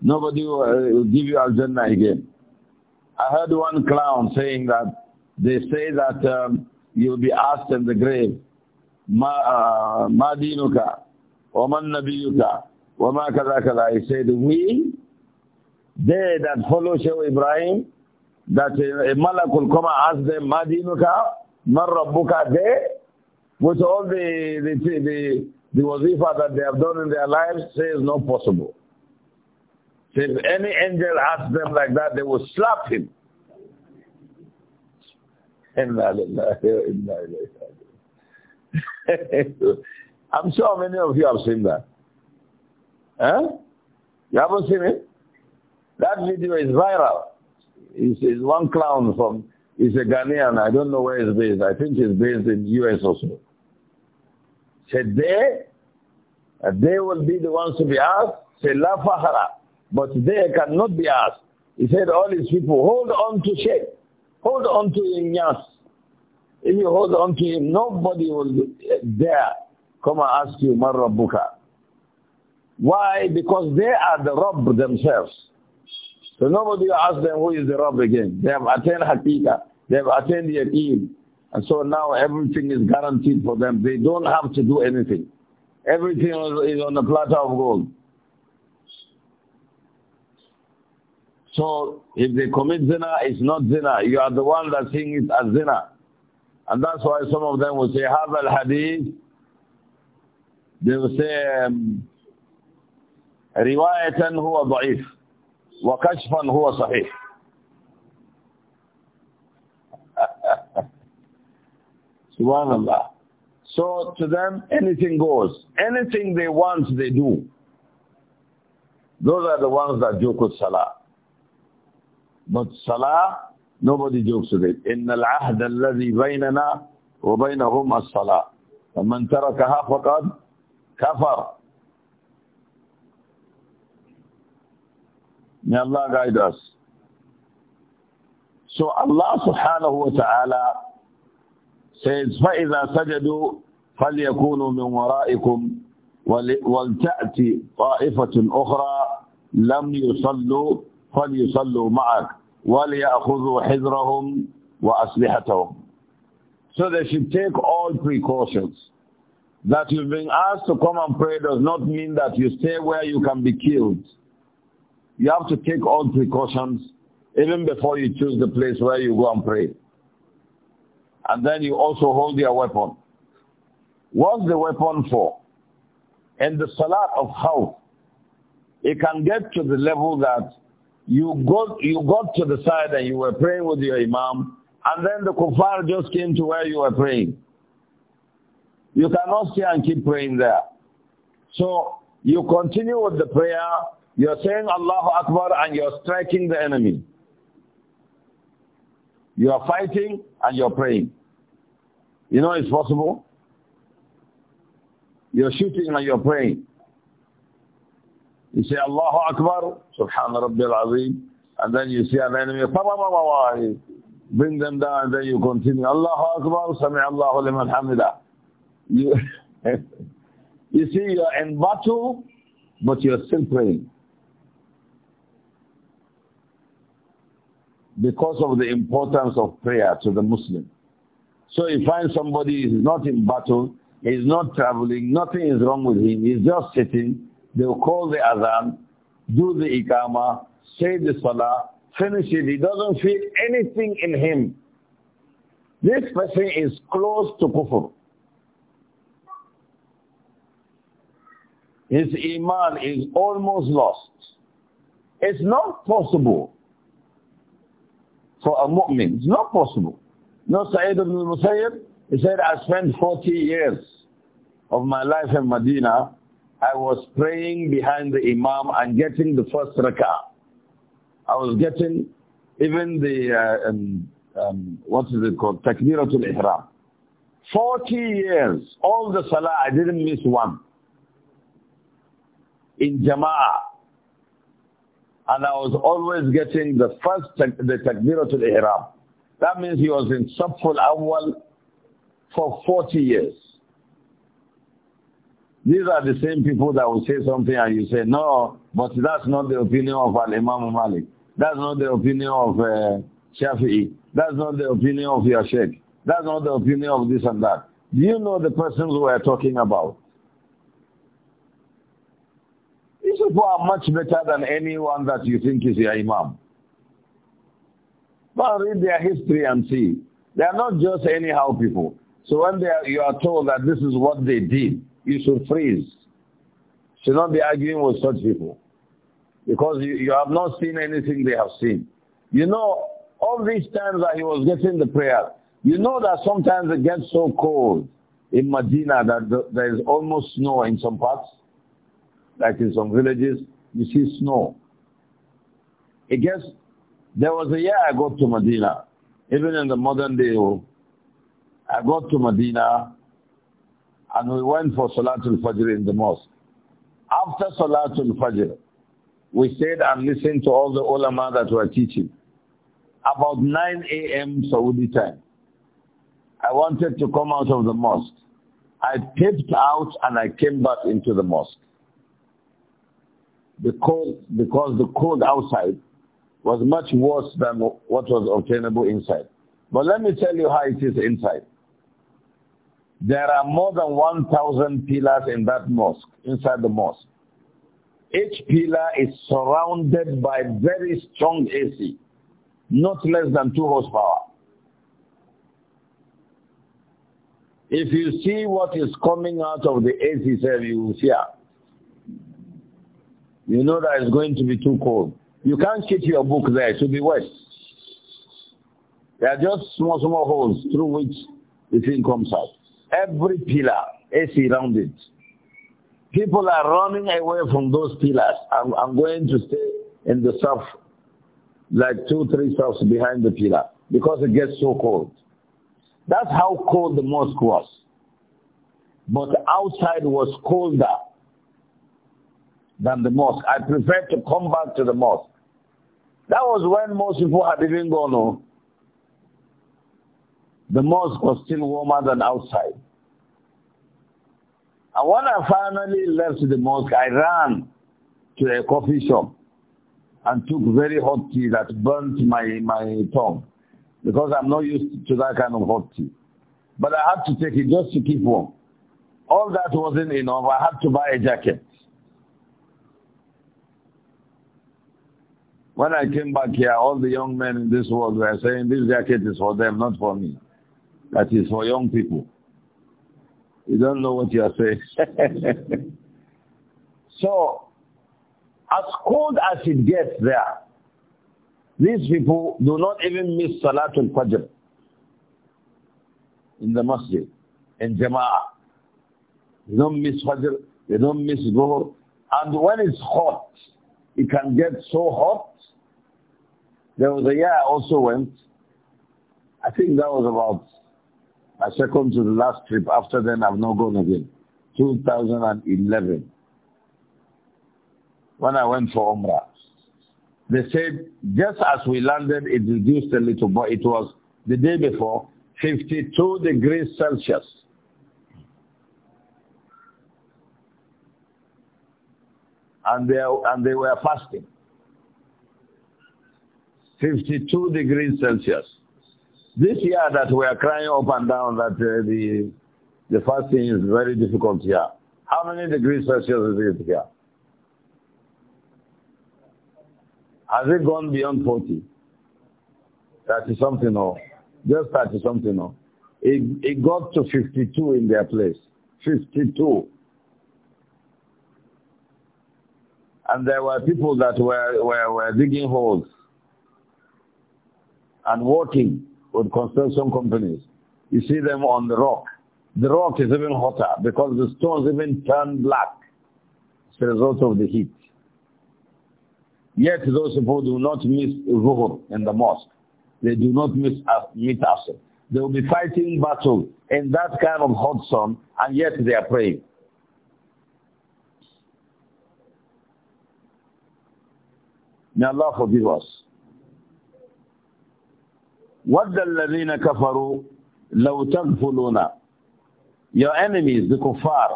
A: Nobody uh, will, give you al-jannah again. I heard one clown saying that they say that um, you'll be asked in the grave, Madinuka, ما دينك ومن نبيك he said we they that follow Shaykh Ibrahim that a, a malak will come and ask them ma dinuka rabbuka they with all the the the, the wazifa that they have done in their lives say is not possible so if any angel asks them like that they will slap him [laughs] inna lillahi wa inna ilayhi [laughs] I'm sure many of you have seen that. Huh? You haven't seen it? That video is viral. It's, it's one clown from, he's a Ghanaian, I don't know where he's based. I think he's based in US also. Said they, they will be the ones to be asked. Say, La Fahara. But they cannot be asked. He said, all these people, hold on to shape. Hold on to Inyas. If you hold on to him, nobody will dare come and ask you, Man Why? Because they are the Rabb themselves. So nobody will ask them who is the Rabb again. They have attained Hatika. They have attained Yaqeen. And so now everything is guaranteed for them. They don't have to do anything. Everything is on the platter of gold. So if they commit zina, it's not zina. You are the one that's seeing it as zina. And that's why some of them will say, have al-hadith. They will say, um, رواية هو ضعيف wakashfan, huwa صحيح. [laughs] Subhanallah. So to them, anything goes. Anything they want, they do. Those are the ones that joke with Salah. But Salah Nobody jokes with it. إِنَّ الْعَهْدَ الَّذِي بَيْنَنَا وَبَيْنَهُمْ الصَّلَاةِ فَمَنْ تَرَكَهَا فَقَدْ كَفَرَ May Allah guide us. So Allah subhanahu wa ta'ala says, فَإِذَا سَجَدُوا فَلْيَكُونُوا مِنْ وَرَائِكُمْ وَلْتَأْتِ طَائِفَةٌ أُخْرَى لَمْ يُصَلُّوا فَلْيُصَلُّوا مَعَكَ وَلْيَأْخُذُوا حِذْرَهُمْ وَأَسْلِحَتَهُمْ So they should take all precautions. That you've been asked to come and pray does not mean that you stay where you can be killed. You have to take all precautions even before you choose the place where you go and pray. And then you also hold your weapon. What's the weapon for? In the Salat of how? it can get to the level that you got, you got to the side and you were praying with your imam, and then the kuffar just came to where you were praying. You cannot stay and keep praying there. So you continue with the prayer, you're saying Allahu Akbar and you're striking the enemy. You are fighting and you're praying. You know it's possible? You're shooting and you're praying. You say Allahu Akbar, Subhan al Azim, and then you see an enemy, you bring them down and then you continue, Allahu Akbar, Sami Allahu liman hamida. You, [laughs] you see you're in battle, but you're still praying. Because of the importance of prayer to the Muslim. So you find somebody is not in battle, he's not traveling, nothing is wrong with him, he's just sitting, they will call the adhan, do the ikama, say the salah, finish it. He doesn't feel anything in him. This person is close to kufr. His iman is almost lost. It's not possible for a mu'min. It's not possible. No, Sayyid ibn al-Musayyib, he said, I spent 40 years of my life in Medina I was praying behind the Imam and getting the first rak'ah. I was getting even the, uh, um, um, what is it called, Takbiratul Ihram. 40 years, all the salah, I didn't miss one. In Jama'ah. And I was always getting the first, the Takbiratul Ihram. That means he was in Saful Awwal for 40 years. These are the same people that will say something and you say, no, but that's not the opinion of Al-Imam Malik. That's not the opinion of uh, Shafi'i. That's not the opinion of your sheikh. That's not the opinion of this and that. Do you know the persons we are talking about? These people are much better than anyone that you think is your imam. But read their history and see. They are not just anyhow people. So when are, you are told that this is what they did, you should freeze. Should not be arguing with such people. Because you, you have not seen anything they have seen. You know, all these times that he was getting the prayer, you know that sometimes it gets so cold in Medina that the, there is almost snow in some parts. Like in some villages, you see snow. It gets, there was a year I got to Medina, even in the modern day, I got to Medina and we went for Salatul Fajr in the mosque. After Salatul Fajr, we stayed and listened to all the ulama that were teaching. About 9 a.m. Saudi time, I wanted to come out of the mosque. I tipped out and I came back into the mosque. The cold, because the cold outside was much worse than what was obtainable inside. But let me tell you how it is inside. There are more than 1,000 pillars in that mosque, inside the mosque. Each pillar is surrounded by very strong AC, not less than 2 horsepower. If you see what is coming out of the AC cell, you will see. You know that it's going to be too cold. You can't keep your book there. It will be wet. There are just small, small holes through which the thing comes out. Every pillar, is around it. People are running away from those pillars. I'm, I'm going to stay in the south, like two, three steps behind the pillar, because it gets so cold. That's how cold the mosque was. But outside was colder than the mosque. I prefer to come back to the mosque. That was when most people had even gone. the mosque was still warmer than outside. And when I finally left the mosque, I ran to a coffee shop and took very hot tea that burnt my, my tongue because I'm not used to that kind of hot tea. But I had to take it just to keep warm. All that wasn't enough. I had to buy a jacket. When I came back here, all the young men in this world were saying, this jacket is for them, not for me. That is for young people. You don't know what you are saying. [laughs] so, as cold as it gets there, these people do not even miss Salatul Fajr in the masjid, in Jama'ah. They don't miss Fajr, they don't miss Dhuhr. And when it's hot, it can get so hot. There was a year I also went. I think that was about I second to the last trip. After then, I've not gone again. 2011. When I went for Umrah, they said, just as we landed, it reduced a little, but it was the day before, 52 degrees Celsius. And they, and they were fasting. 52 degrees Celsius. This year that we are crying up and down that uh, the the fasting is very difficult here. How many degrees Celsius is it here? Has it gone beyond 40? 30 something or just 30 something or? It, it got to 52 in their place. 52. And there were people that were, were, were digging holes and walking with construction companies. You see them on the rock. The rock is even hotter because the stones even turn black as a result of the heat. Yet those people do not miss Zuhur in the mosque. They do not miss meet Asr. They will be fighting battle in that kind of hot sun and yet they are praying. May Allah forgive us. وَدَّ الَّذِينَ كَفَرُوا لَوْ تَغْفُلُونَ Your enemies, the kuffar,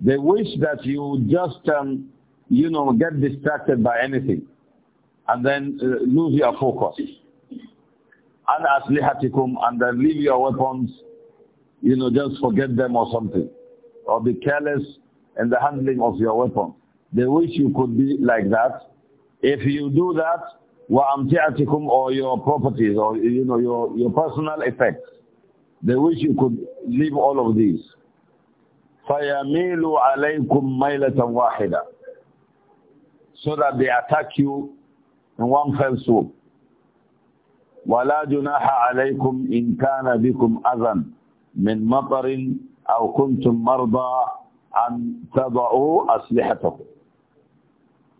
A: they wish that you just, um, you know, get distracted by anything and then uh, lose your focus. And aslihatikum, and then leave your weapons, you know, just forget them or something. Or be careless in the handling of your weapon. They wish you could be like that. If you do that, وَأَمْتِعَتِكُمْ or your properties or you know your, your personal effects. They wish you could leave all of these. فَيَمِيلُ عَلَيْكُمْ مَيْلَةً وَاحِدًا So that they attack you in one fell swoop. وَلَا جُنَاحَ عَلَيْكُمْ إِنْ كَانَ بِكُمْ أَذًا مِنْ مَطَرٍ أَوْ كُنْتُمْ مَرْضَى أَنْ تَضَعُوا أَسْلِحَتَكُمْ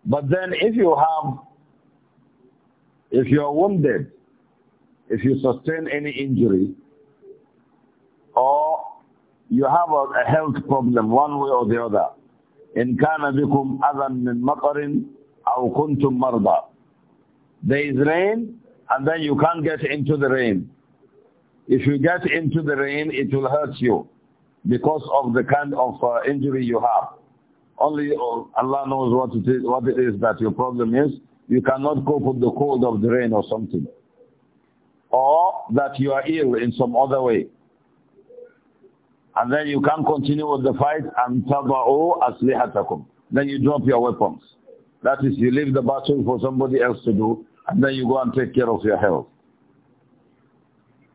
A: But then if you have if you are wounded, if you sustain any injury, or you have a, health problem one way or the other, إن كان بكم أذى من مطر أو كنتم مرضى. There is rain, and then you can't get into the rain. If you get into the rain, it will hurt you because of the kind of uh, injury you have. Only uh, Allah knows what it is, what it is that your problem is you cannot cope with the cold of the rain or something. Or that you are ill in some other way. And then you can't continue with the fight and taba'u aslihatakum. Then you drop your weapons. That is, you leave the battle for somebody else to do, and then you go and take care of your health.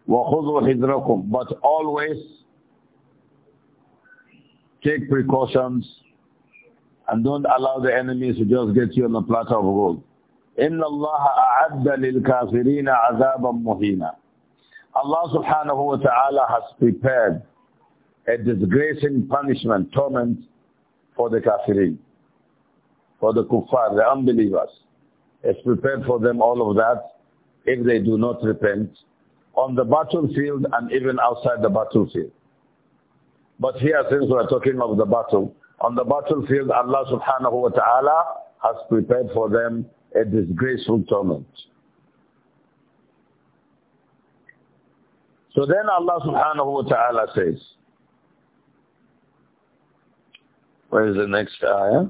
A: وَخُذُوا حِذْرَكُمْ But always take precautions and don't allow the enemies to just get you on a platter of gold. إن الله أعد للكافرين عذابا مهينا Allah subhanahu wa ta'ala has prepared a disgracing punishment, torment for the kafirin, for the kuffar, the unbelievers. Has prepared for them all of that if they do not repent on the battlefield and even outside the battlefield. But here, since we're talking of the battle, on the battlefield, Allah subhanahu wa ta'ala has prepared for them a disgraceful torment. So then Allah subhanahu wa ta'ala says, where is the next ayah?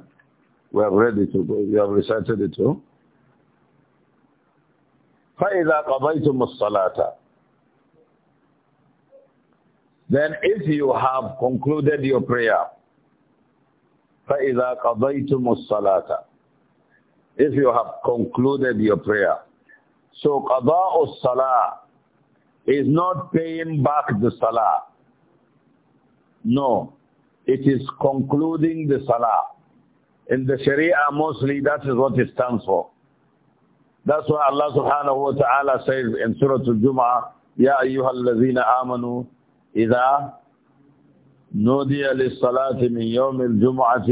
A: We have read it, we have recited it too. فَإِذَا قَضَيْتُمُ الصَّلَاةَ Then if you have concluded your prayer, فَإِذَا قَضَيْتُمُ الصَّلَاةَ if you have concluded your prayer. So qada'u salah is not paying back the salah. No, it is concluding the salah. In the Sharia mostly that is what it stands for. That's why Allah subhanahu wa ta'ala says in Surah Al-Jum'ah, يَا أَيُّهَا الَّذِينَ آمَنُوا إِذَا نُودِيَ لِلصَّلَاةِ مِنْ يَوْمِ الْجُمْعَةِ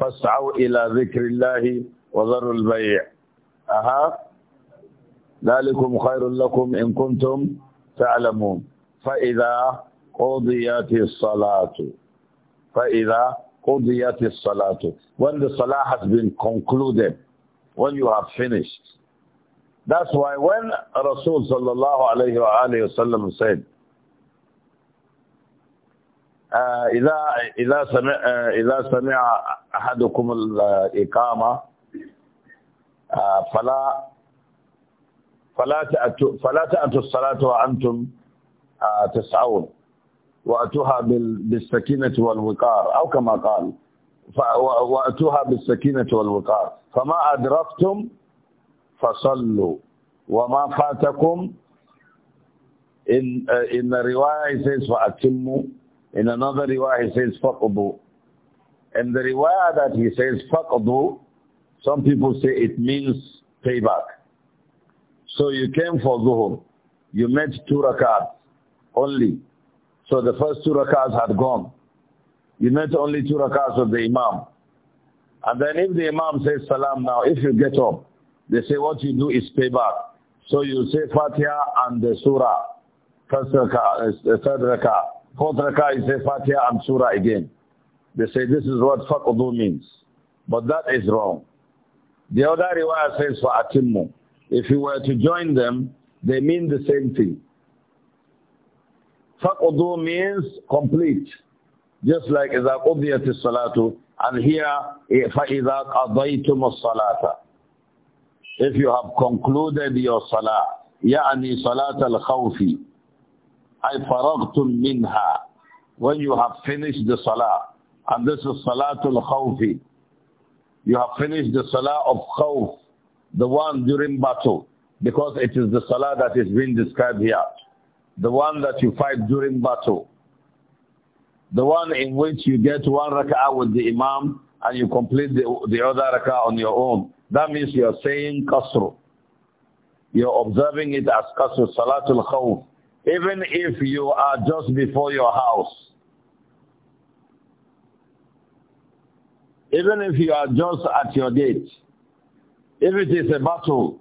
A: فَاسْعَوْا إِلَى ذِكْرِ اللَّهِ وذروا البيع أها ذلكم خير لكم إن كنتم تعلمون فإذا قضيت الصلاة فإذا قضيت الصلاة when the صلاة has been concluded when you have finished that's why when رسول صلى الله عليه وآله وسلم said آه، إذا إذا سمع آه، إذا سمع أحدكم الإقامة آه، فلا فلا تأتوا فلا تأتوا الصلاة وأنتم آه، تسعون وأتوها بالسكينة والوقار أو كما قال وأتوها بالسكينة والوقار فما أدركتم فصلوا وما فاتكم in uh, in the riwayah it says فأتموا in another riwayah it says فقضوا in the riwayah that he says فقضوا Some people say it means payback. So you came for Zuhur. You met two rakats only. So the first two rakats had gone. You met only two rakats of the Imam. And then if the Imam says salam now, if you get up, they say what you do is payback. So you say Fatiha and the Surah. First rakah, uh, uh, third rakah. Fourth rakah, you say Fatiha and Surah again. They say this is what faqdu means. But that is wrong. The other riwayah says for atimmu. If you were to join them, they mean the same thing. Faqdu means complete. Just like إذا قضيت salatu, and here فإذا قضيتم salata. If you have concluded your salah, يعني صلاة الخوف أي فرغتم منها When you have finished the salah, and this is صلاة الخوف you have finished the salah of khawf, the one during battle, because it is the salah that is being described here. The one that you fight during battle. The one in which you get one rak'ah with the imam and you complete the, the other rak'ah on your own. That means you are saying qasr. You are observing it as qasr, salatul khawf. Even if you are just before your house, Even if you are just at your gate, if it is a battle,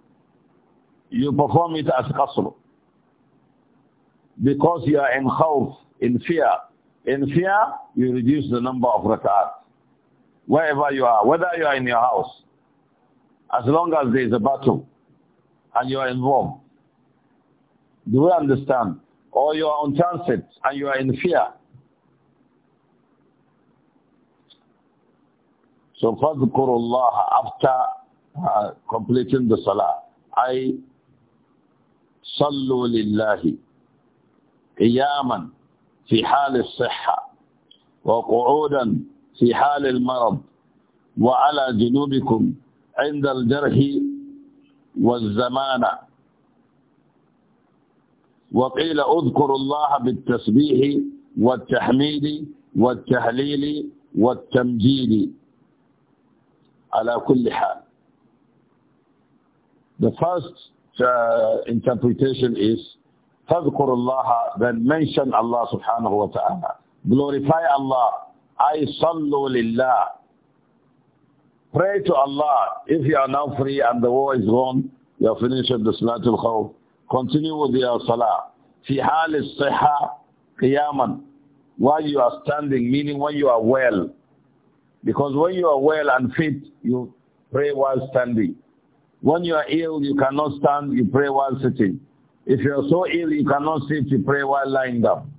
A: you perform it as qasr. Because you are in khawf, in fear. In fear, you reduce the number of rak'at. Wherever you are, whether you are in your house, as long as there is a battle and you are involved, do we understand? Or you are on transit and you are in fear, So fadhkurullah after uh, completing the salah. I صلوا لله قياما في حال الصحة وقعودا في حال المرض وعلى جنوبكم عند الجرح والزمانة وقيل اذكروا الله بالتسبيح والتحميد والتهليل والتمجيد The first uh, interpretation is, فَذْكُرُ اللَّهَ Then mention Allah subhanahu wa ta'ala. Glorify Allah. I sallu lillah. Pray to Allah. If you are now free and the war is gone, you are finished with the Salatul Khawf. Continue with your Salah. في حال الصحة قياما. While you are standing, meaning when you are well, because when you are well and fit, you pray while standing. When you are ill, you cannot stand, you pray while sitting. If you are so ill, you cannot sit, you pray while lying down.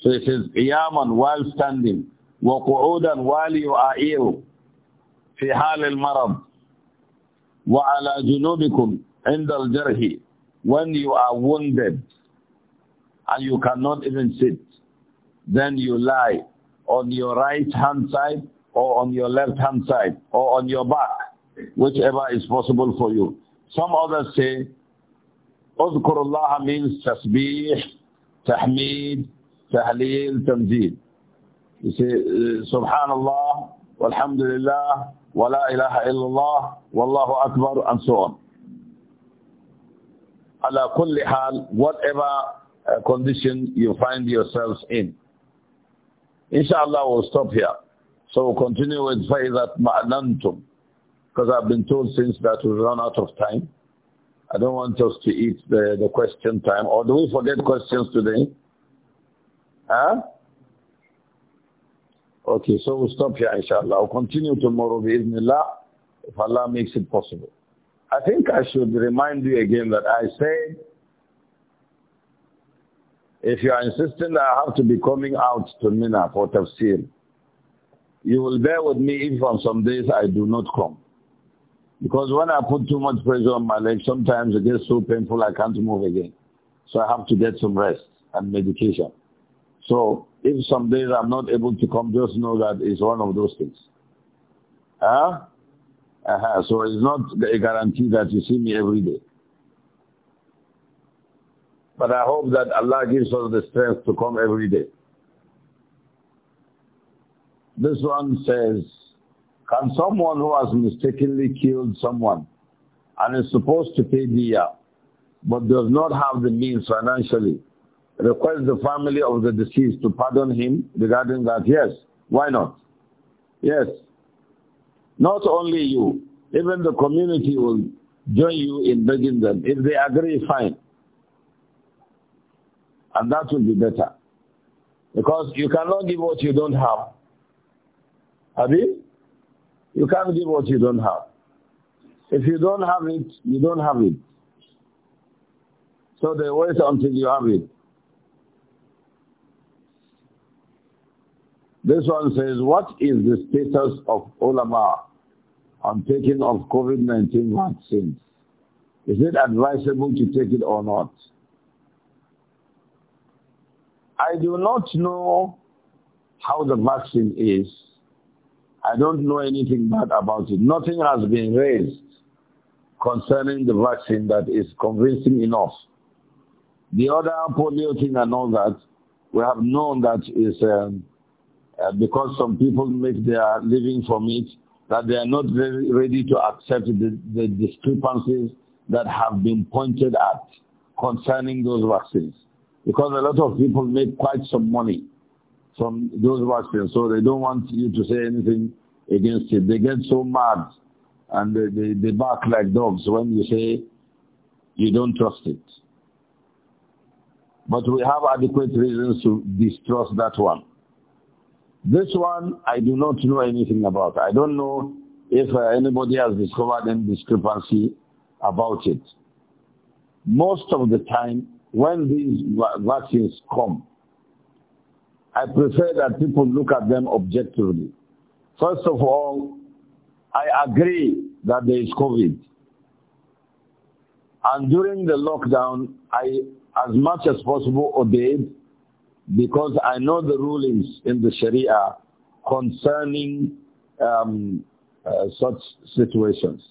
A: So it says, Iyaman, while standing. وَقُعُودًا while you are ill. في marab Wa ala جُنُوبِكُمْ عِنْدَ الْجَرْهِ When you are wounded and you cannot even sit, then you lie on your right hand side or on your left-hand side, or on your back, whichever is possible for you. Some others say, اذكر means tasbih, تحميد, تحليل, تمجيد. You say, uh, Subhanallah, Walhamdulillah, la ilaha illallah, Wallahu Akbar, and so on. Ala kulli hal, whatever uh, condition you find yourselves in. Inshallah, we'll stop here. So we'll continue with فَإِذَا مَعْنَنْتُمْ Because I've been told since that we've run out of time. I don't want us to eat the, the question time. Or do we forget questions today? Huh? Okay, so we'll stop here inshallah. We'll continue tomorrow bi'idhnillah if Allah makes it possible. I think I should remind you again that I said if you are insisting that I have to be coming out to Mina for tafsir, you will bear with me if on some days I do not come. Because when I put too much pressure on my leg, sometimes it gets so painful I can't move again. So I have to get some rest and medication. So if some days I'm not able to come, just know that it's one of those things. Huh? Uh -huh. So it's not a guarantee that you see me every day. But I hope that Allah gives us the strength to come every day. This one says, can someone who has mistakenly killed someone and is supposed to pay diya but does not have the means financially request the family of the deceased to pardon him regarding that? Yes. Why not? Yes. Not only you, even the community will join you in begging them. If they agree, fine. And that will be better. Because you cannot give what you don't have. Abi, you can't give what you don't have. If you don't have it, you don't have it. So they wait until you have it. This one says, what is the status of ulama on taking of COVID-19 vaccines? Is it advisable to take it or not? I do not know how the vaccine is. I don't know anything bad about it. Nothing has been raised concerning the vaccine that is convincing enough. The other polio thing and all that, we have known that is um, uh, because some people make their living from it, that they are not very ready to accept the, the discrepancies that have been pointed at concerning those vaccines. Because a lot of people make quite some money from those watchmen. So they don't want you to say anything against it. They get so mad and they, they, they bark like dogs when you say you don't trust it. But we have adequate reasons to distrust that one. This one, I do not know anything about. I don't know if uh, anybody has discovered any discrepancy about it. Most of the time, when these vaccines come, I prefer that people look at them objectively. First of all, I agree that there is COVID. And during the lockdown, I, as much as possible, obeyed because I know the rulings in the Sharia concerning um, uh, such situations.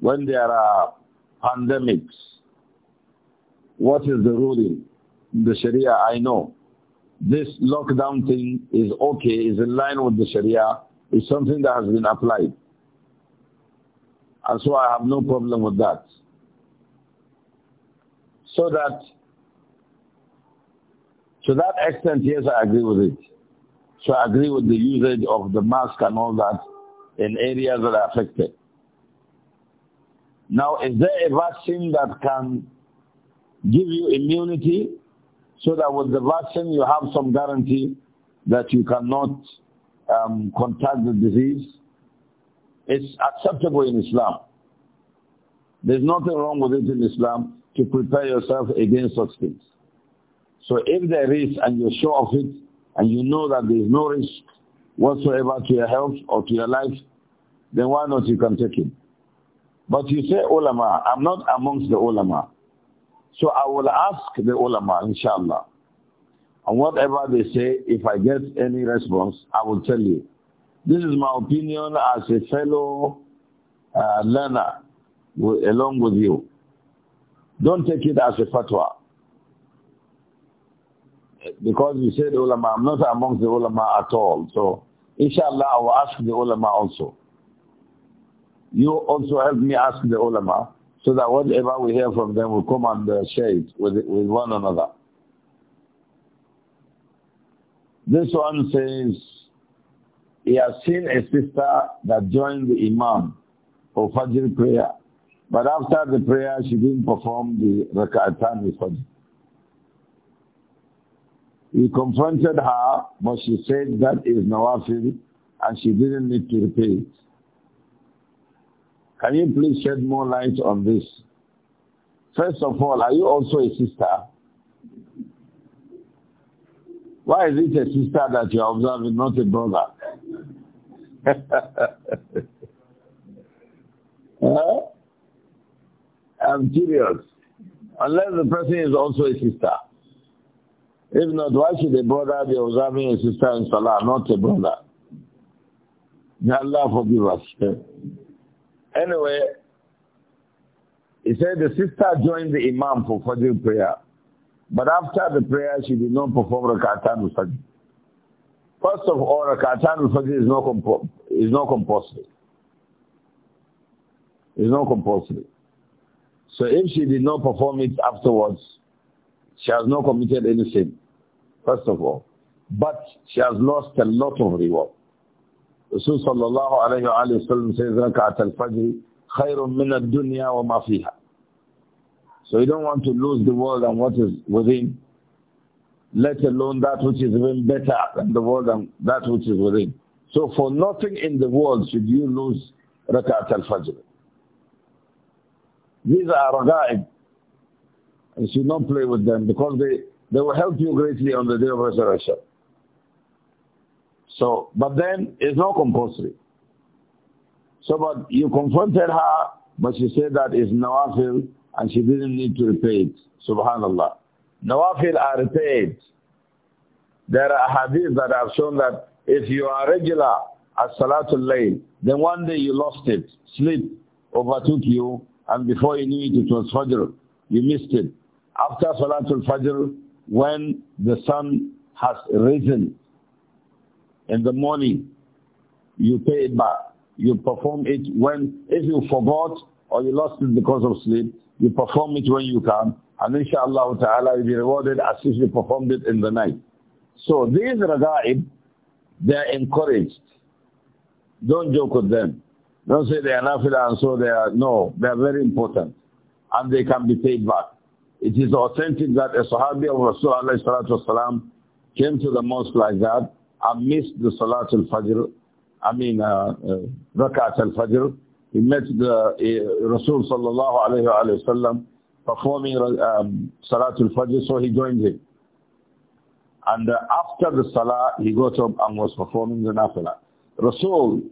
A: When there are pandemics, what is the ruling? In the Sharia, I know this lockdown thing is okay, is in line with the Sharia, is something that has been applied. And so I have no problem with that. So that, to that extent, yes, I agree with it. So I agree with the usage of the mask and all that in areas that are affected. Now, is there a vaccine that can give you immunity so that with the vaccine, you have some guarantee that you cannot um, contact the disease. It's acceptable in Islam. There's nothing wrong with it in Islam to prepare yourself against such things. So if there is and you're sure of it and you know that there is no risk whatsoever to your health or to your life, then why not you can take it? But you say ulama, I'm not amongst the ulama. So I will ask the ulama, inshallah. And whatever they say, if I get any response, I will tell you. This is my opinion as a fellow uh, learner with, along with you. Don't take it as a fatwa. Because you said ulama, I'm not amongst the ulama at all. So, inshallah, I will ask the ulama also. You also help me ask the ulama so that whatever we hear from them, will come and uh, share it with, with one another. This one says, he has seen a sister that joined the imam for Fajr prayer, but after the prayer, she didn't perform the Raka'atan with Fajr. He confronted her, but she said that is Nawafil, and she didn't need to repeat it. Can you please shed more light on this? First of all, are you also a sister? Why is it a sister that you are observing, not a brother? [laughs] huh? I'm curious. Unless the person is also a sister. If not, why should a brother be observing a sister in Salah, not a brother? May Allah forgive us. Anyway, he said the sister joined the imam for Fajr prayer. But after the prayer, she did not perform Rakatan Fajr. First of all, Rakatan Fajr is not, compo- is not compulsory. It's not compulsory. So if she did not perform it afterwards, she has not committed any sin, first of all. But she has lost a lot of reward. Rasul sallallahu says, Rakat al-Fajr, khayrun min ad-dunya wa ma fiha. So you don't want to lose the world and what is within, let alone that which is even better than the world and that which is within. So for nothing in the world should you lose rakaat al-Fajr. These are raga'ib. You should not play with them because they, they will help you greatly on the day of resurrection. So, but then it's not compulsory. So, but you confronted her, but she said that it's nawafil and she didn't need to repay it. Subhanallah. Nawafil are repaid. There are hadith that have shown that if you are regular at Salatul Layl, then one day you lost it. Sleep overtook you and before you knew it, it was Fajr. You missed it. After Salatul Fajr, when the sun has risen in the morning, you pay it back. You perform it when, if you forgot or you lost it because of sleep, you perform it when you can, and inshallah ta'ala you'll be rewarded as if you performed it in the night. So these raga'ib, they're encouraged. Don't joke with them. Don't say they are nafila and so they are, no, they are very important. And they can be paid back. It is authentic that a Sahabi of Rasulullah came to the mosque like that I missed the Salat al-Fajr, I mean, uh, uh, Rakat al-Fajr. He met the uh, Rasul sallallahu alayhi wa, alayhi sallam, performing um, Salat al-Fajr, so he joined him. And uh, after the Salah, he got up and was performing the Nafila. Rasul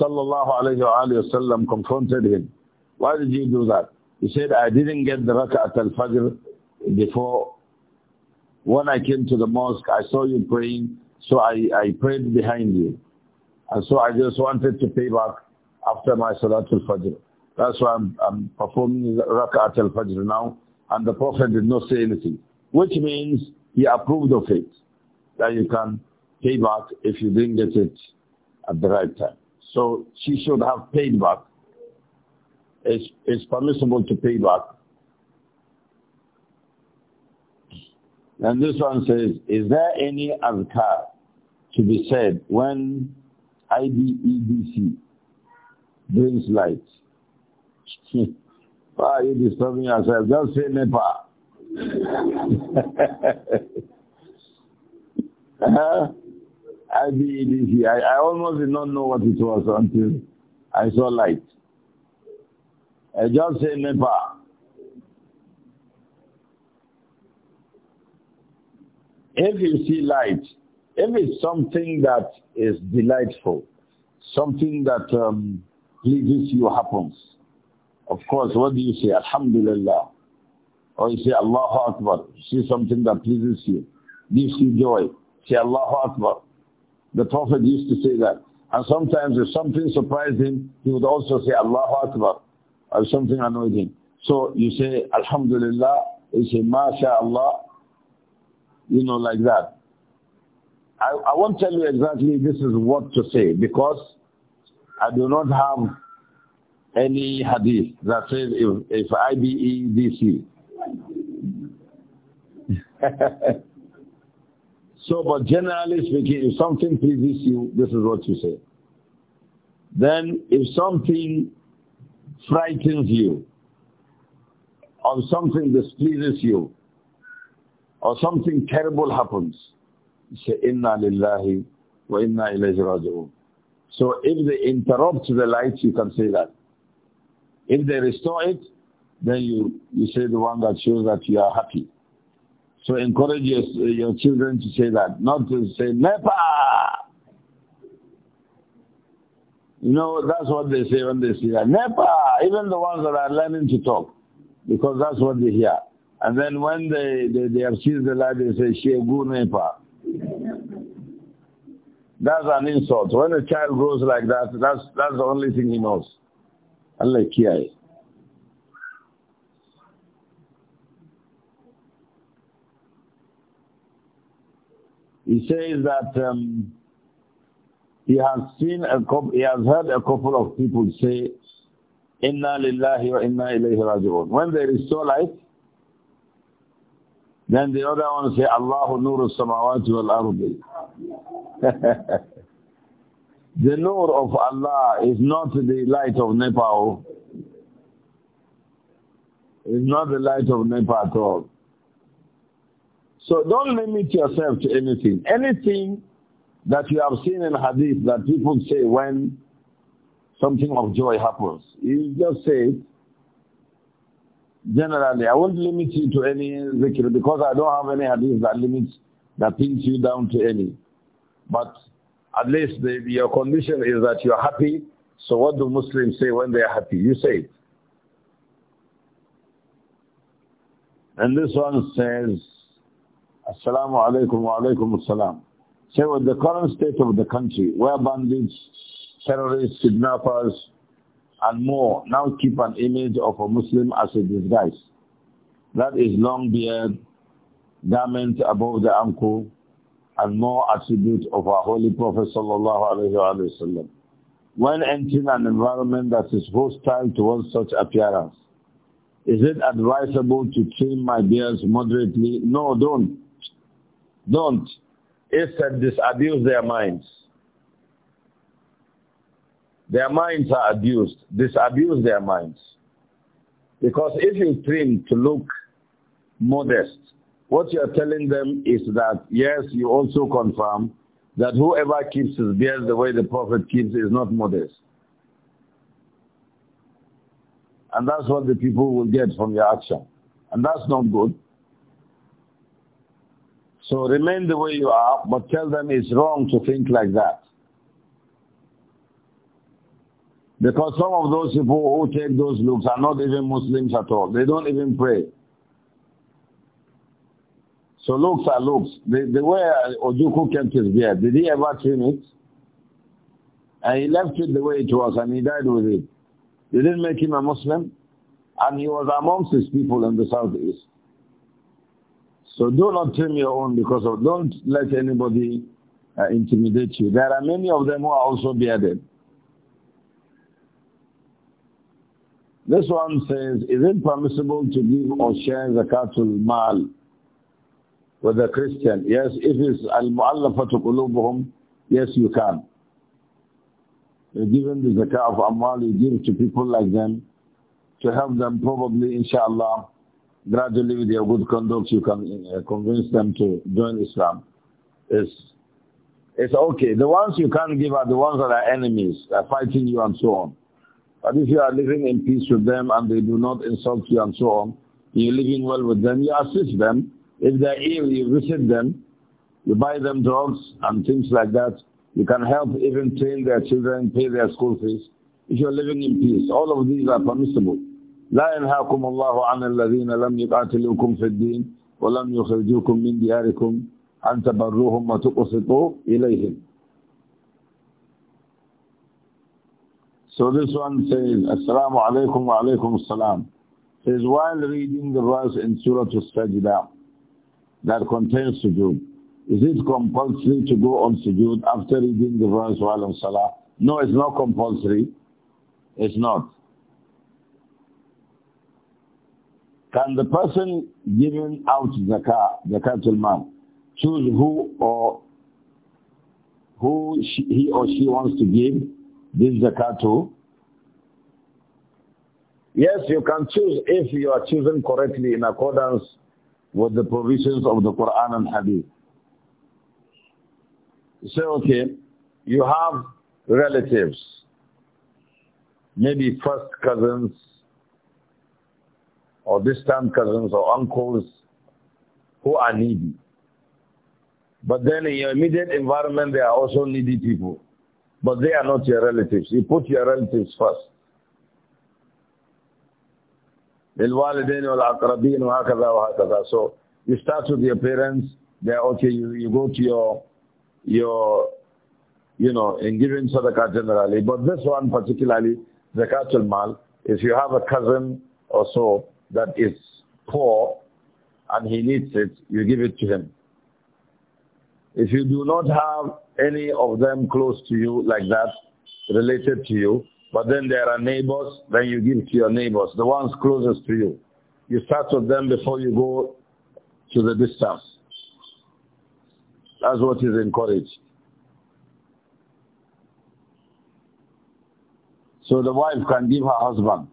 A: sallallahu alayhi wa, alayhi wa sallam confronted him. Why did you do that? He said, I didn't get the Rakat al-Fajr before when I came to the mosque, I saw you praying, so I, I prayed behind you. And so I just wanted to pay back after my Salatul Fajr. That's why I'm, I'm performing Rak'at al-Fajr now. And the Prophet did not say anything. Which means he approved of it. That you can pay back if you didn't get it at the right time. So she should have paid back. It's, it's permissible to pay back. And this one says, is there any azkar to be said when IDEDC brings light. [laughs] Why are you disturbing yourself? Just say Nepal. [laughs] uh IBEDC. I, I almost did not know what it was until I saw light. I just say Nepal. If you see light, if it's something that is delightful, something that um, pleases you happens, of course, what do you say? Alhamdulillah. Or you say Allahu Akbar. See something that pleases you, gives you joy. Say Allahu Akbar. The Prophet used to say that. And sometimes if something surprised him, he would also say Allahu Akbar. Or something annoyed him. So you say Alhamdulillah. You say MashaAllah. You know, like that. I, I won't tell you exactly this is what to say because I do not have any hadith that says if, if I be E, D, C. [laughs] so, but generally speaking, if something pleases you, this is what you say. Then if something frightens you, or something displeases you, or something terrible happens, say, Inna lillahi wa inna ilayhi raji'un. So if they interrupt the light, you can say that. If they restore it, then you, you say the one that shows that you are happy. So encourage your, your children to say that, not to say, NEPA! You know, that's what they say when they see that. NEPA! Even the ones that are learning to talk, because that's what they hear. And then when they, they, they have seen the light, they say, Shegu NEPA. That's an insult. When a child grows like that, that's, that's the only thing he knows. Allah He says that um, he has seen a couple, he has heard a couple of people say, "Inna lillahi wa inna ilayhi raji'un." When there is so life, then the other one say, Allahu Nur Samawati wal Arbi." [laughs] the Nur of Allah is not the light of Nepal. It's not the light of Nepal at all. So don't limit yourself to anything. Anything that you have seen in hadith that people say when something of joy happens, you just say it generally, I won't limit you to any zikr because I don't have any hadith that limits, that pins you down to any. But at least the, your condition is that you're happy. So what do Muslims say when they're happy? You say it. And this one says, Assalamu alaikum wa alaikum assalam. Say so with the current state of the country, where bandits, terrorists, kidnappers, and more now keep an image of a Muslim as a disguise. That is long beard, garment above the ankle, and more attribute of our Holy Prophet sallallahu alaihi wasallam. When entering an environment that is hostile towards such appearance, is it advisable to trim my beards moderately? No, don't. Don't. Instead, disabuse their minds. Their minds are abused. Disabuse their minds. Because if you trim to look modest, what you are telling them is that, yes, you also confirm that whoever keeps his beard the way the Prophet keeps is not modest. And that's what the people will get from your action. And that's not good. So remain the way you are, but tell them it's wrong to think like that. Because some of those people who take those looks are not even Muslims at all. They don't even pray. So looks are looks. The, the way Ojuku kept his beard, did he ever trim it? And he left it the way it was and he died with it. They didn't make him a Muslim. And he was amongst his people in the southeast. So do not trim your own because of, don't let anybody uh, intimidate you. There are many of them who are also bearded. This one says, is it permissible to give or share zakatul mal with a Christian? Yes, if it's al-mu'allafatu qulubuhum, yes you can. You're given the zakat of amal you give to people like them to help them probably, inshallah, gradually with your good conduct you can uh, convince them to join Islam. It's, it's okay. The ones you can't give are the ones that are enemies, are fighting you and so on. But if you are living in peace with them and they do not insult you and so on, you're living well with them, you assist them. If they're ill, you visit them. You buy them drugs and things like that. You can help even train their children, pay their school fees. If you're living in peace, all of these are permissible. لا ينهاكم الله عن الذين لم يقاتلوكم في الدين ولم يخرجوكم من دياركم أن تبروهم وتقسطوا إليهم So this one says, Assalamu alaikum wa alaikum salam." Says, while reading the verse in Surah Al-Sajdah that contains sujood, is it compulsory to go on sujood after reading the verse while on salah? No, it's not compulsory. It's not. Can the person giving out zakah, zakat al-mal, choose who or who she, he or she wants to give? this zakatu, yes, you can choose if you are chosen correctly in accordance with the provisions of the Quran and Hadith. You say, okay, you have relatives, maybe first cousins, or distant cousins or uncles who are needy. But then in your immediate environment, there are also needy people. But they are not your relatives. You put your relatives first. So you start with your parents. They are okay. You, you go to your, your, you know, in giving sadaqah generally. But this one particularly, zakatul mal, if you have a cousin or so that is poor and he needs it, you give it to him. If you do not have any of them close to you like that, related to you. But then there are neighbors, then you give to your neighbors, the ones closest to you. You start with them before you go to the distance. That's what is encouraged. So the wife can give her husband.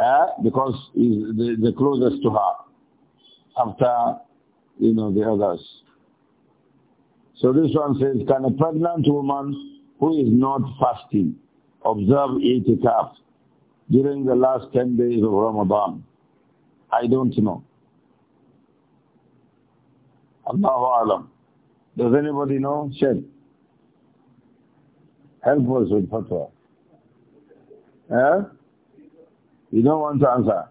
A: Eh? Because he's the, the closest to her after you know, the others. So this one says, can a pregnant woman who is not fasting observe itikaf during the last 10 days of Ramadan? I don't know. Allahu Alam. Does anybody know? Shed. Help us with fatwa. Eh? You don't want to answer.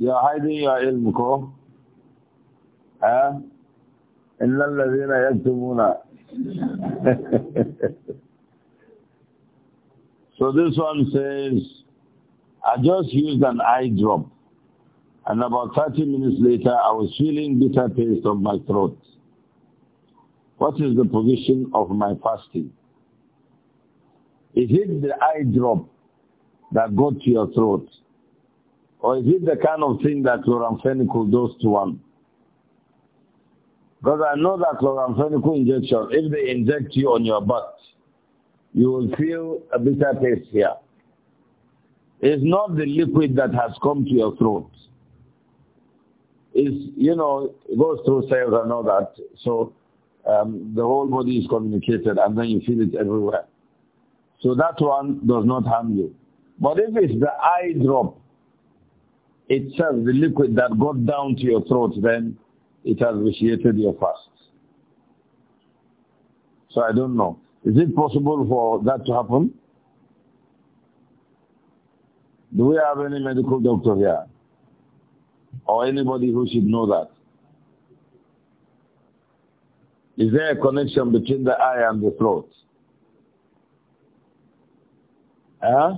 A: يا are يا علمكم ها إِنَّ الَّذِينَ يَكْتُمُونَ [laughs] So this one says, I just used an eye drop. And about 30 minutes later, I was feeling bitter taste of my throat. What is the position of my fasting? Is it the eye drop that got to your throat or is it the kind of thing that chloramphenicol does to one? Because I know that Loramphenical injection, if they inject you on your butt, you will feel a bitter taste here. It's not the liquid that has come to your throat. It's, you know, it goes through cells and all that. So um, the whole body is communicated and then you feel it everywhere. So that one does not harm you. But if it's the eye drop, itself, the liquid that got down to your throat, then it has vitiated your fast. So I don't know. Is it possible for that to happen? Do we have any medical doctor here? Or anybody who should know that? Is there a connection between the eye and the throat? Huh?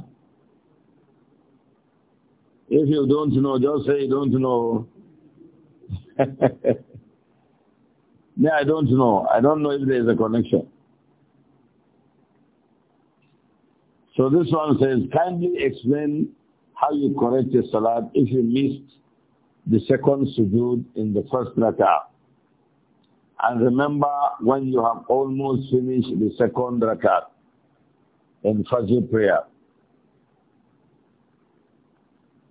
A: If you don't know, just say you don't know. Yeah, [laughs] I don't know. I don't know if there is a connection. So this one says, kindly explain how you correct your salat if you missed the second sujood in the first rakat. And remember when you have almost finished the second rakat in Fajr prayer.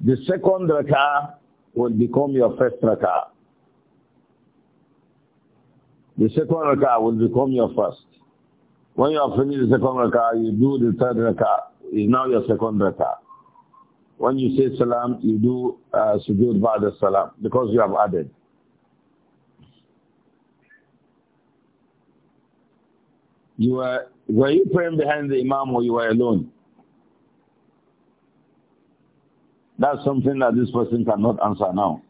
A: The second rak'ah will become your first rak'ah. The second rak'ah will become your first. When you have finished the second rak'ah, you do the third rak'ah. Is now your second rak'ah. When you say salam, you do uh, sujood ba'da salam because you have added. You were, were you praying behind the imam or you were alone? That's something that this person cannot answer now.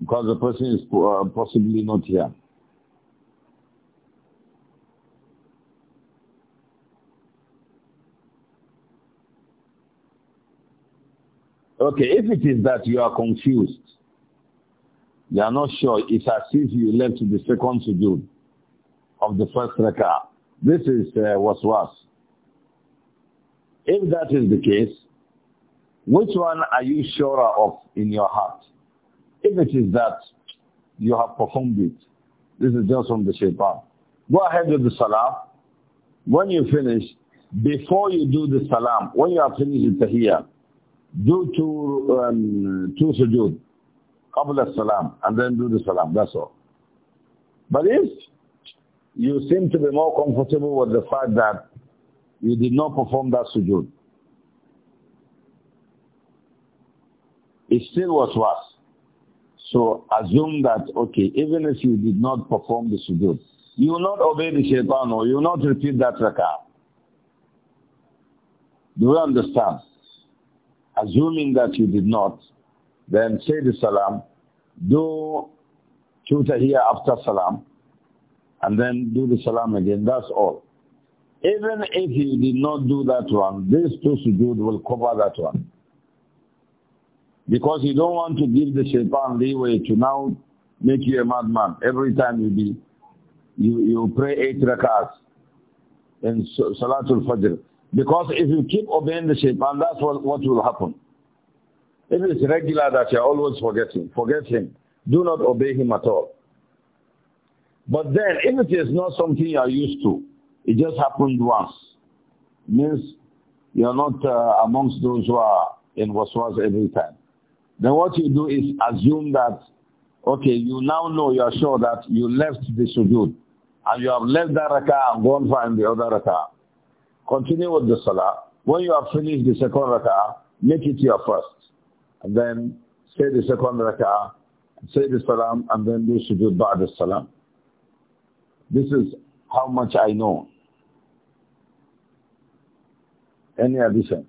A: Because the person is uh, possibly not here. Okay, if it is that you are confused, you are not sure, it's as if you left the second sujood of the first rakah. This is uh, was. If that is the case, which one are you surer of in your heart? If it is that you have performed it, this is just from the shaitan. Go ahead with the salam. When you finish, before you do the salam, when you have finished the tahiyyah, do two, um, two sujood, qabla salam, and then do the salam, that's all. But if you seem to be more comfortable with the fact that you did not perform that sujood. It still was worse. So assume that, okay, even if you did not perform the sujood, you will not obey the shaitan or you will not repeat that rakah. Do you understand? Assuming that you did not, then say the salam, do two tahiyya after salam, and then do the salam again. That's all. Even if you did not do that one, this two sujood will cover that one. Because you don't want to give the shaitan leeway to now make you a madman. Every time you be, you, you pray eight rakats in Salatul Fajr. Because if you keep obeying the shaitan, that's what, what will happen. If it's regular that you're always forgetting, forget him. Do not obey him at all. But then, if it is not something you are used to, it just happened once. Means you're not uh, amongst those who are in waswas every time. Then what you do is assume that, okay, you now know, you are sure that you left the sujood. And you have left that rak'ah and gone for the other rak'ah. Continue with the salah. When you have finished the second rak'ah, make it your first. And then say the second rak'ah, say the salam, and then do sujood ba'da salam. This is how much I know any addition?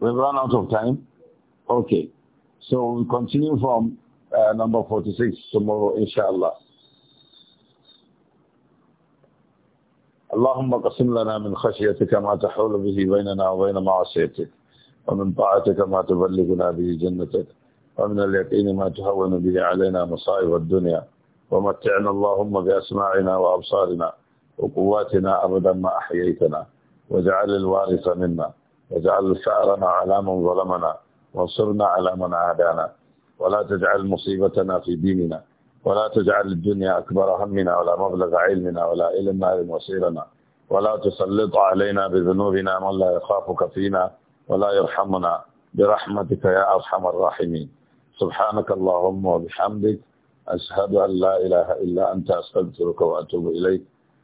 A: We've run out of time. Okay. So we continue from uh, number 46 tomorrow, inshallah. اللهم قسم لنا من خشيتك ما تحول به بيننا وبين معصيتك ومن طاعتك ما تبلغنا به جنتك ومن اليقين ما تهون به علينا مصائب الدنيا ومتعنا اللهم بأسماعنا وأبصارنا وقواتنا أبدا ما أحييتنا واجعل الوارث منا واجعل ثأرنا على من ظلمنا وانصرنا على من عادانا ولا تجعل مصيبتنا في ديننا ولا تجعل الدنيا أكبر همنا ولا مبلغ علمنا ولا إلى النار مصيرنا ولا تسلط علينا بذنوبنا من لا يخافك فينا ولا يرحمنا برحمتك يا أرحم الراحمين سبحانك اللهم وبحمدك أشهد أن لا إله إلا أنت أستغفرك وأتوب إليك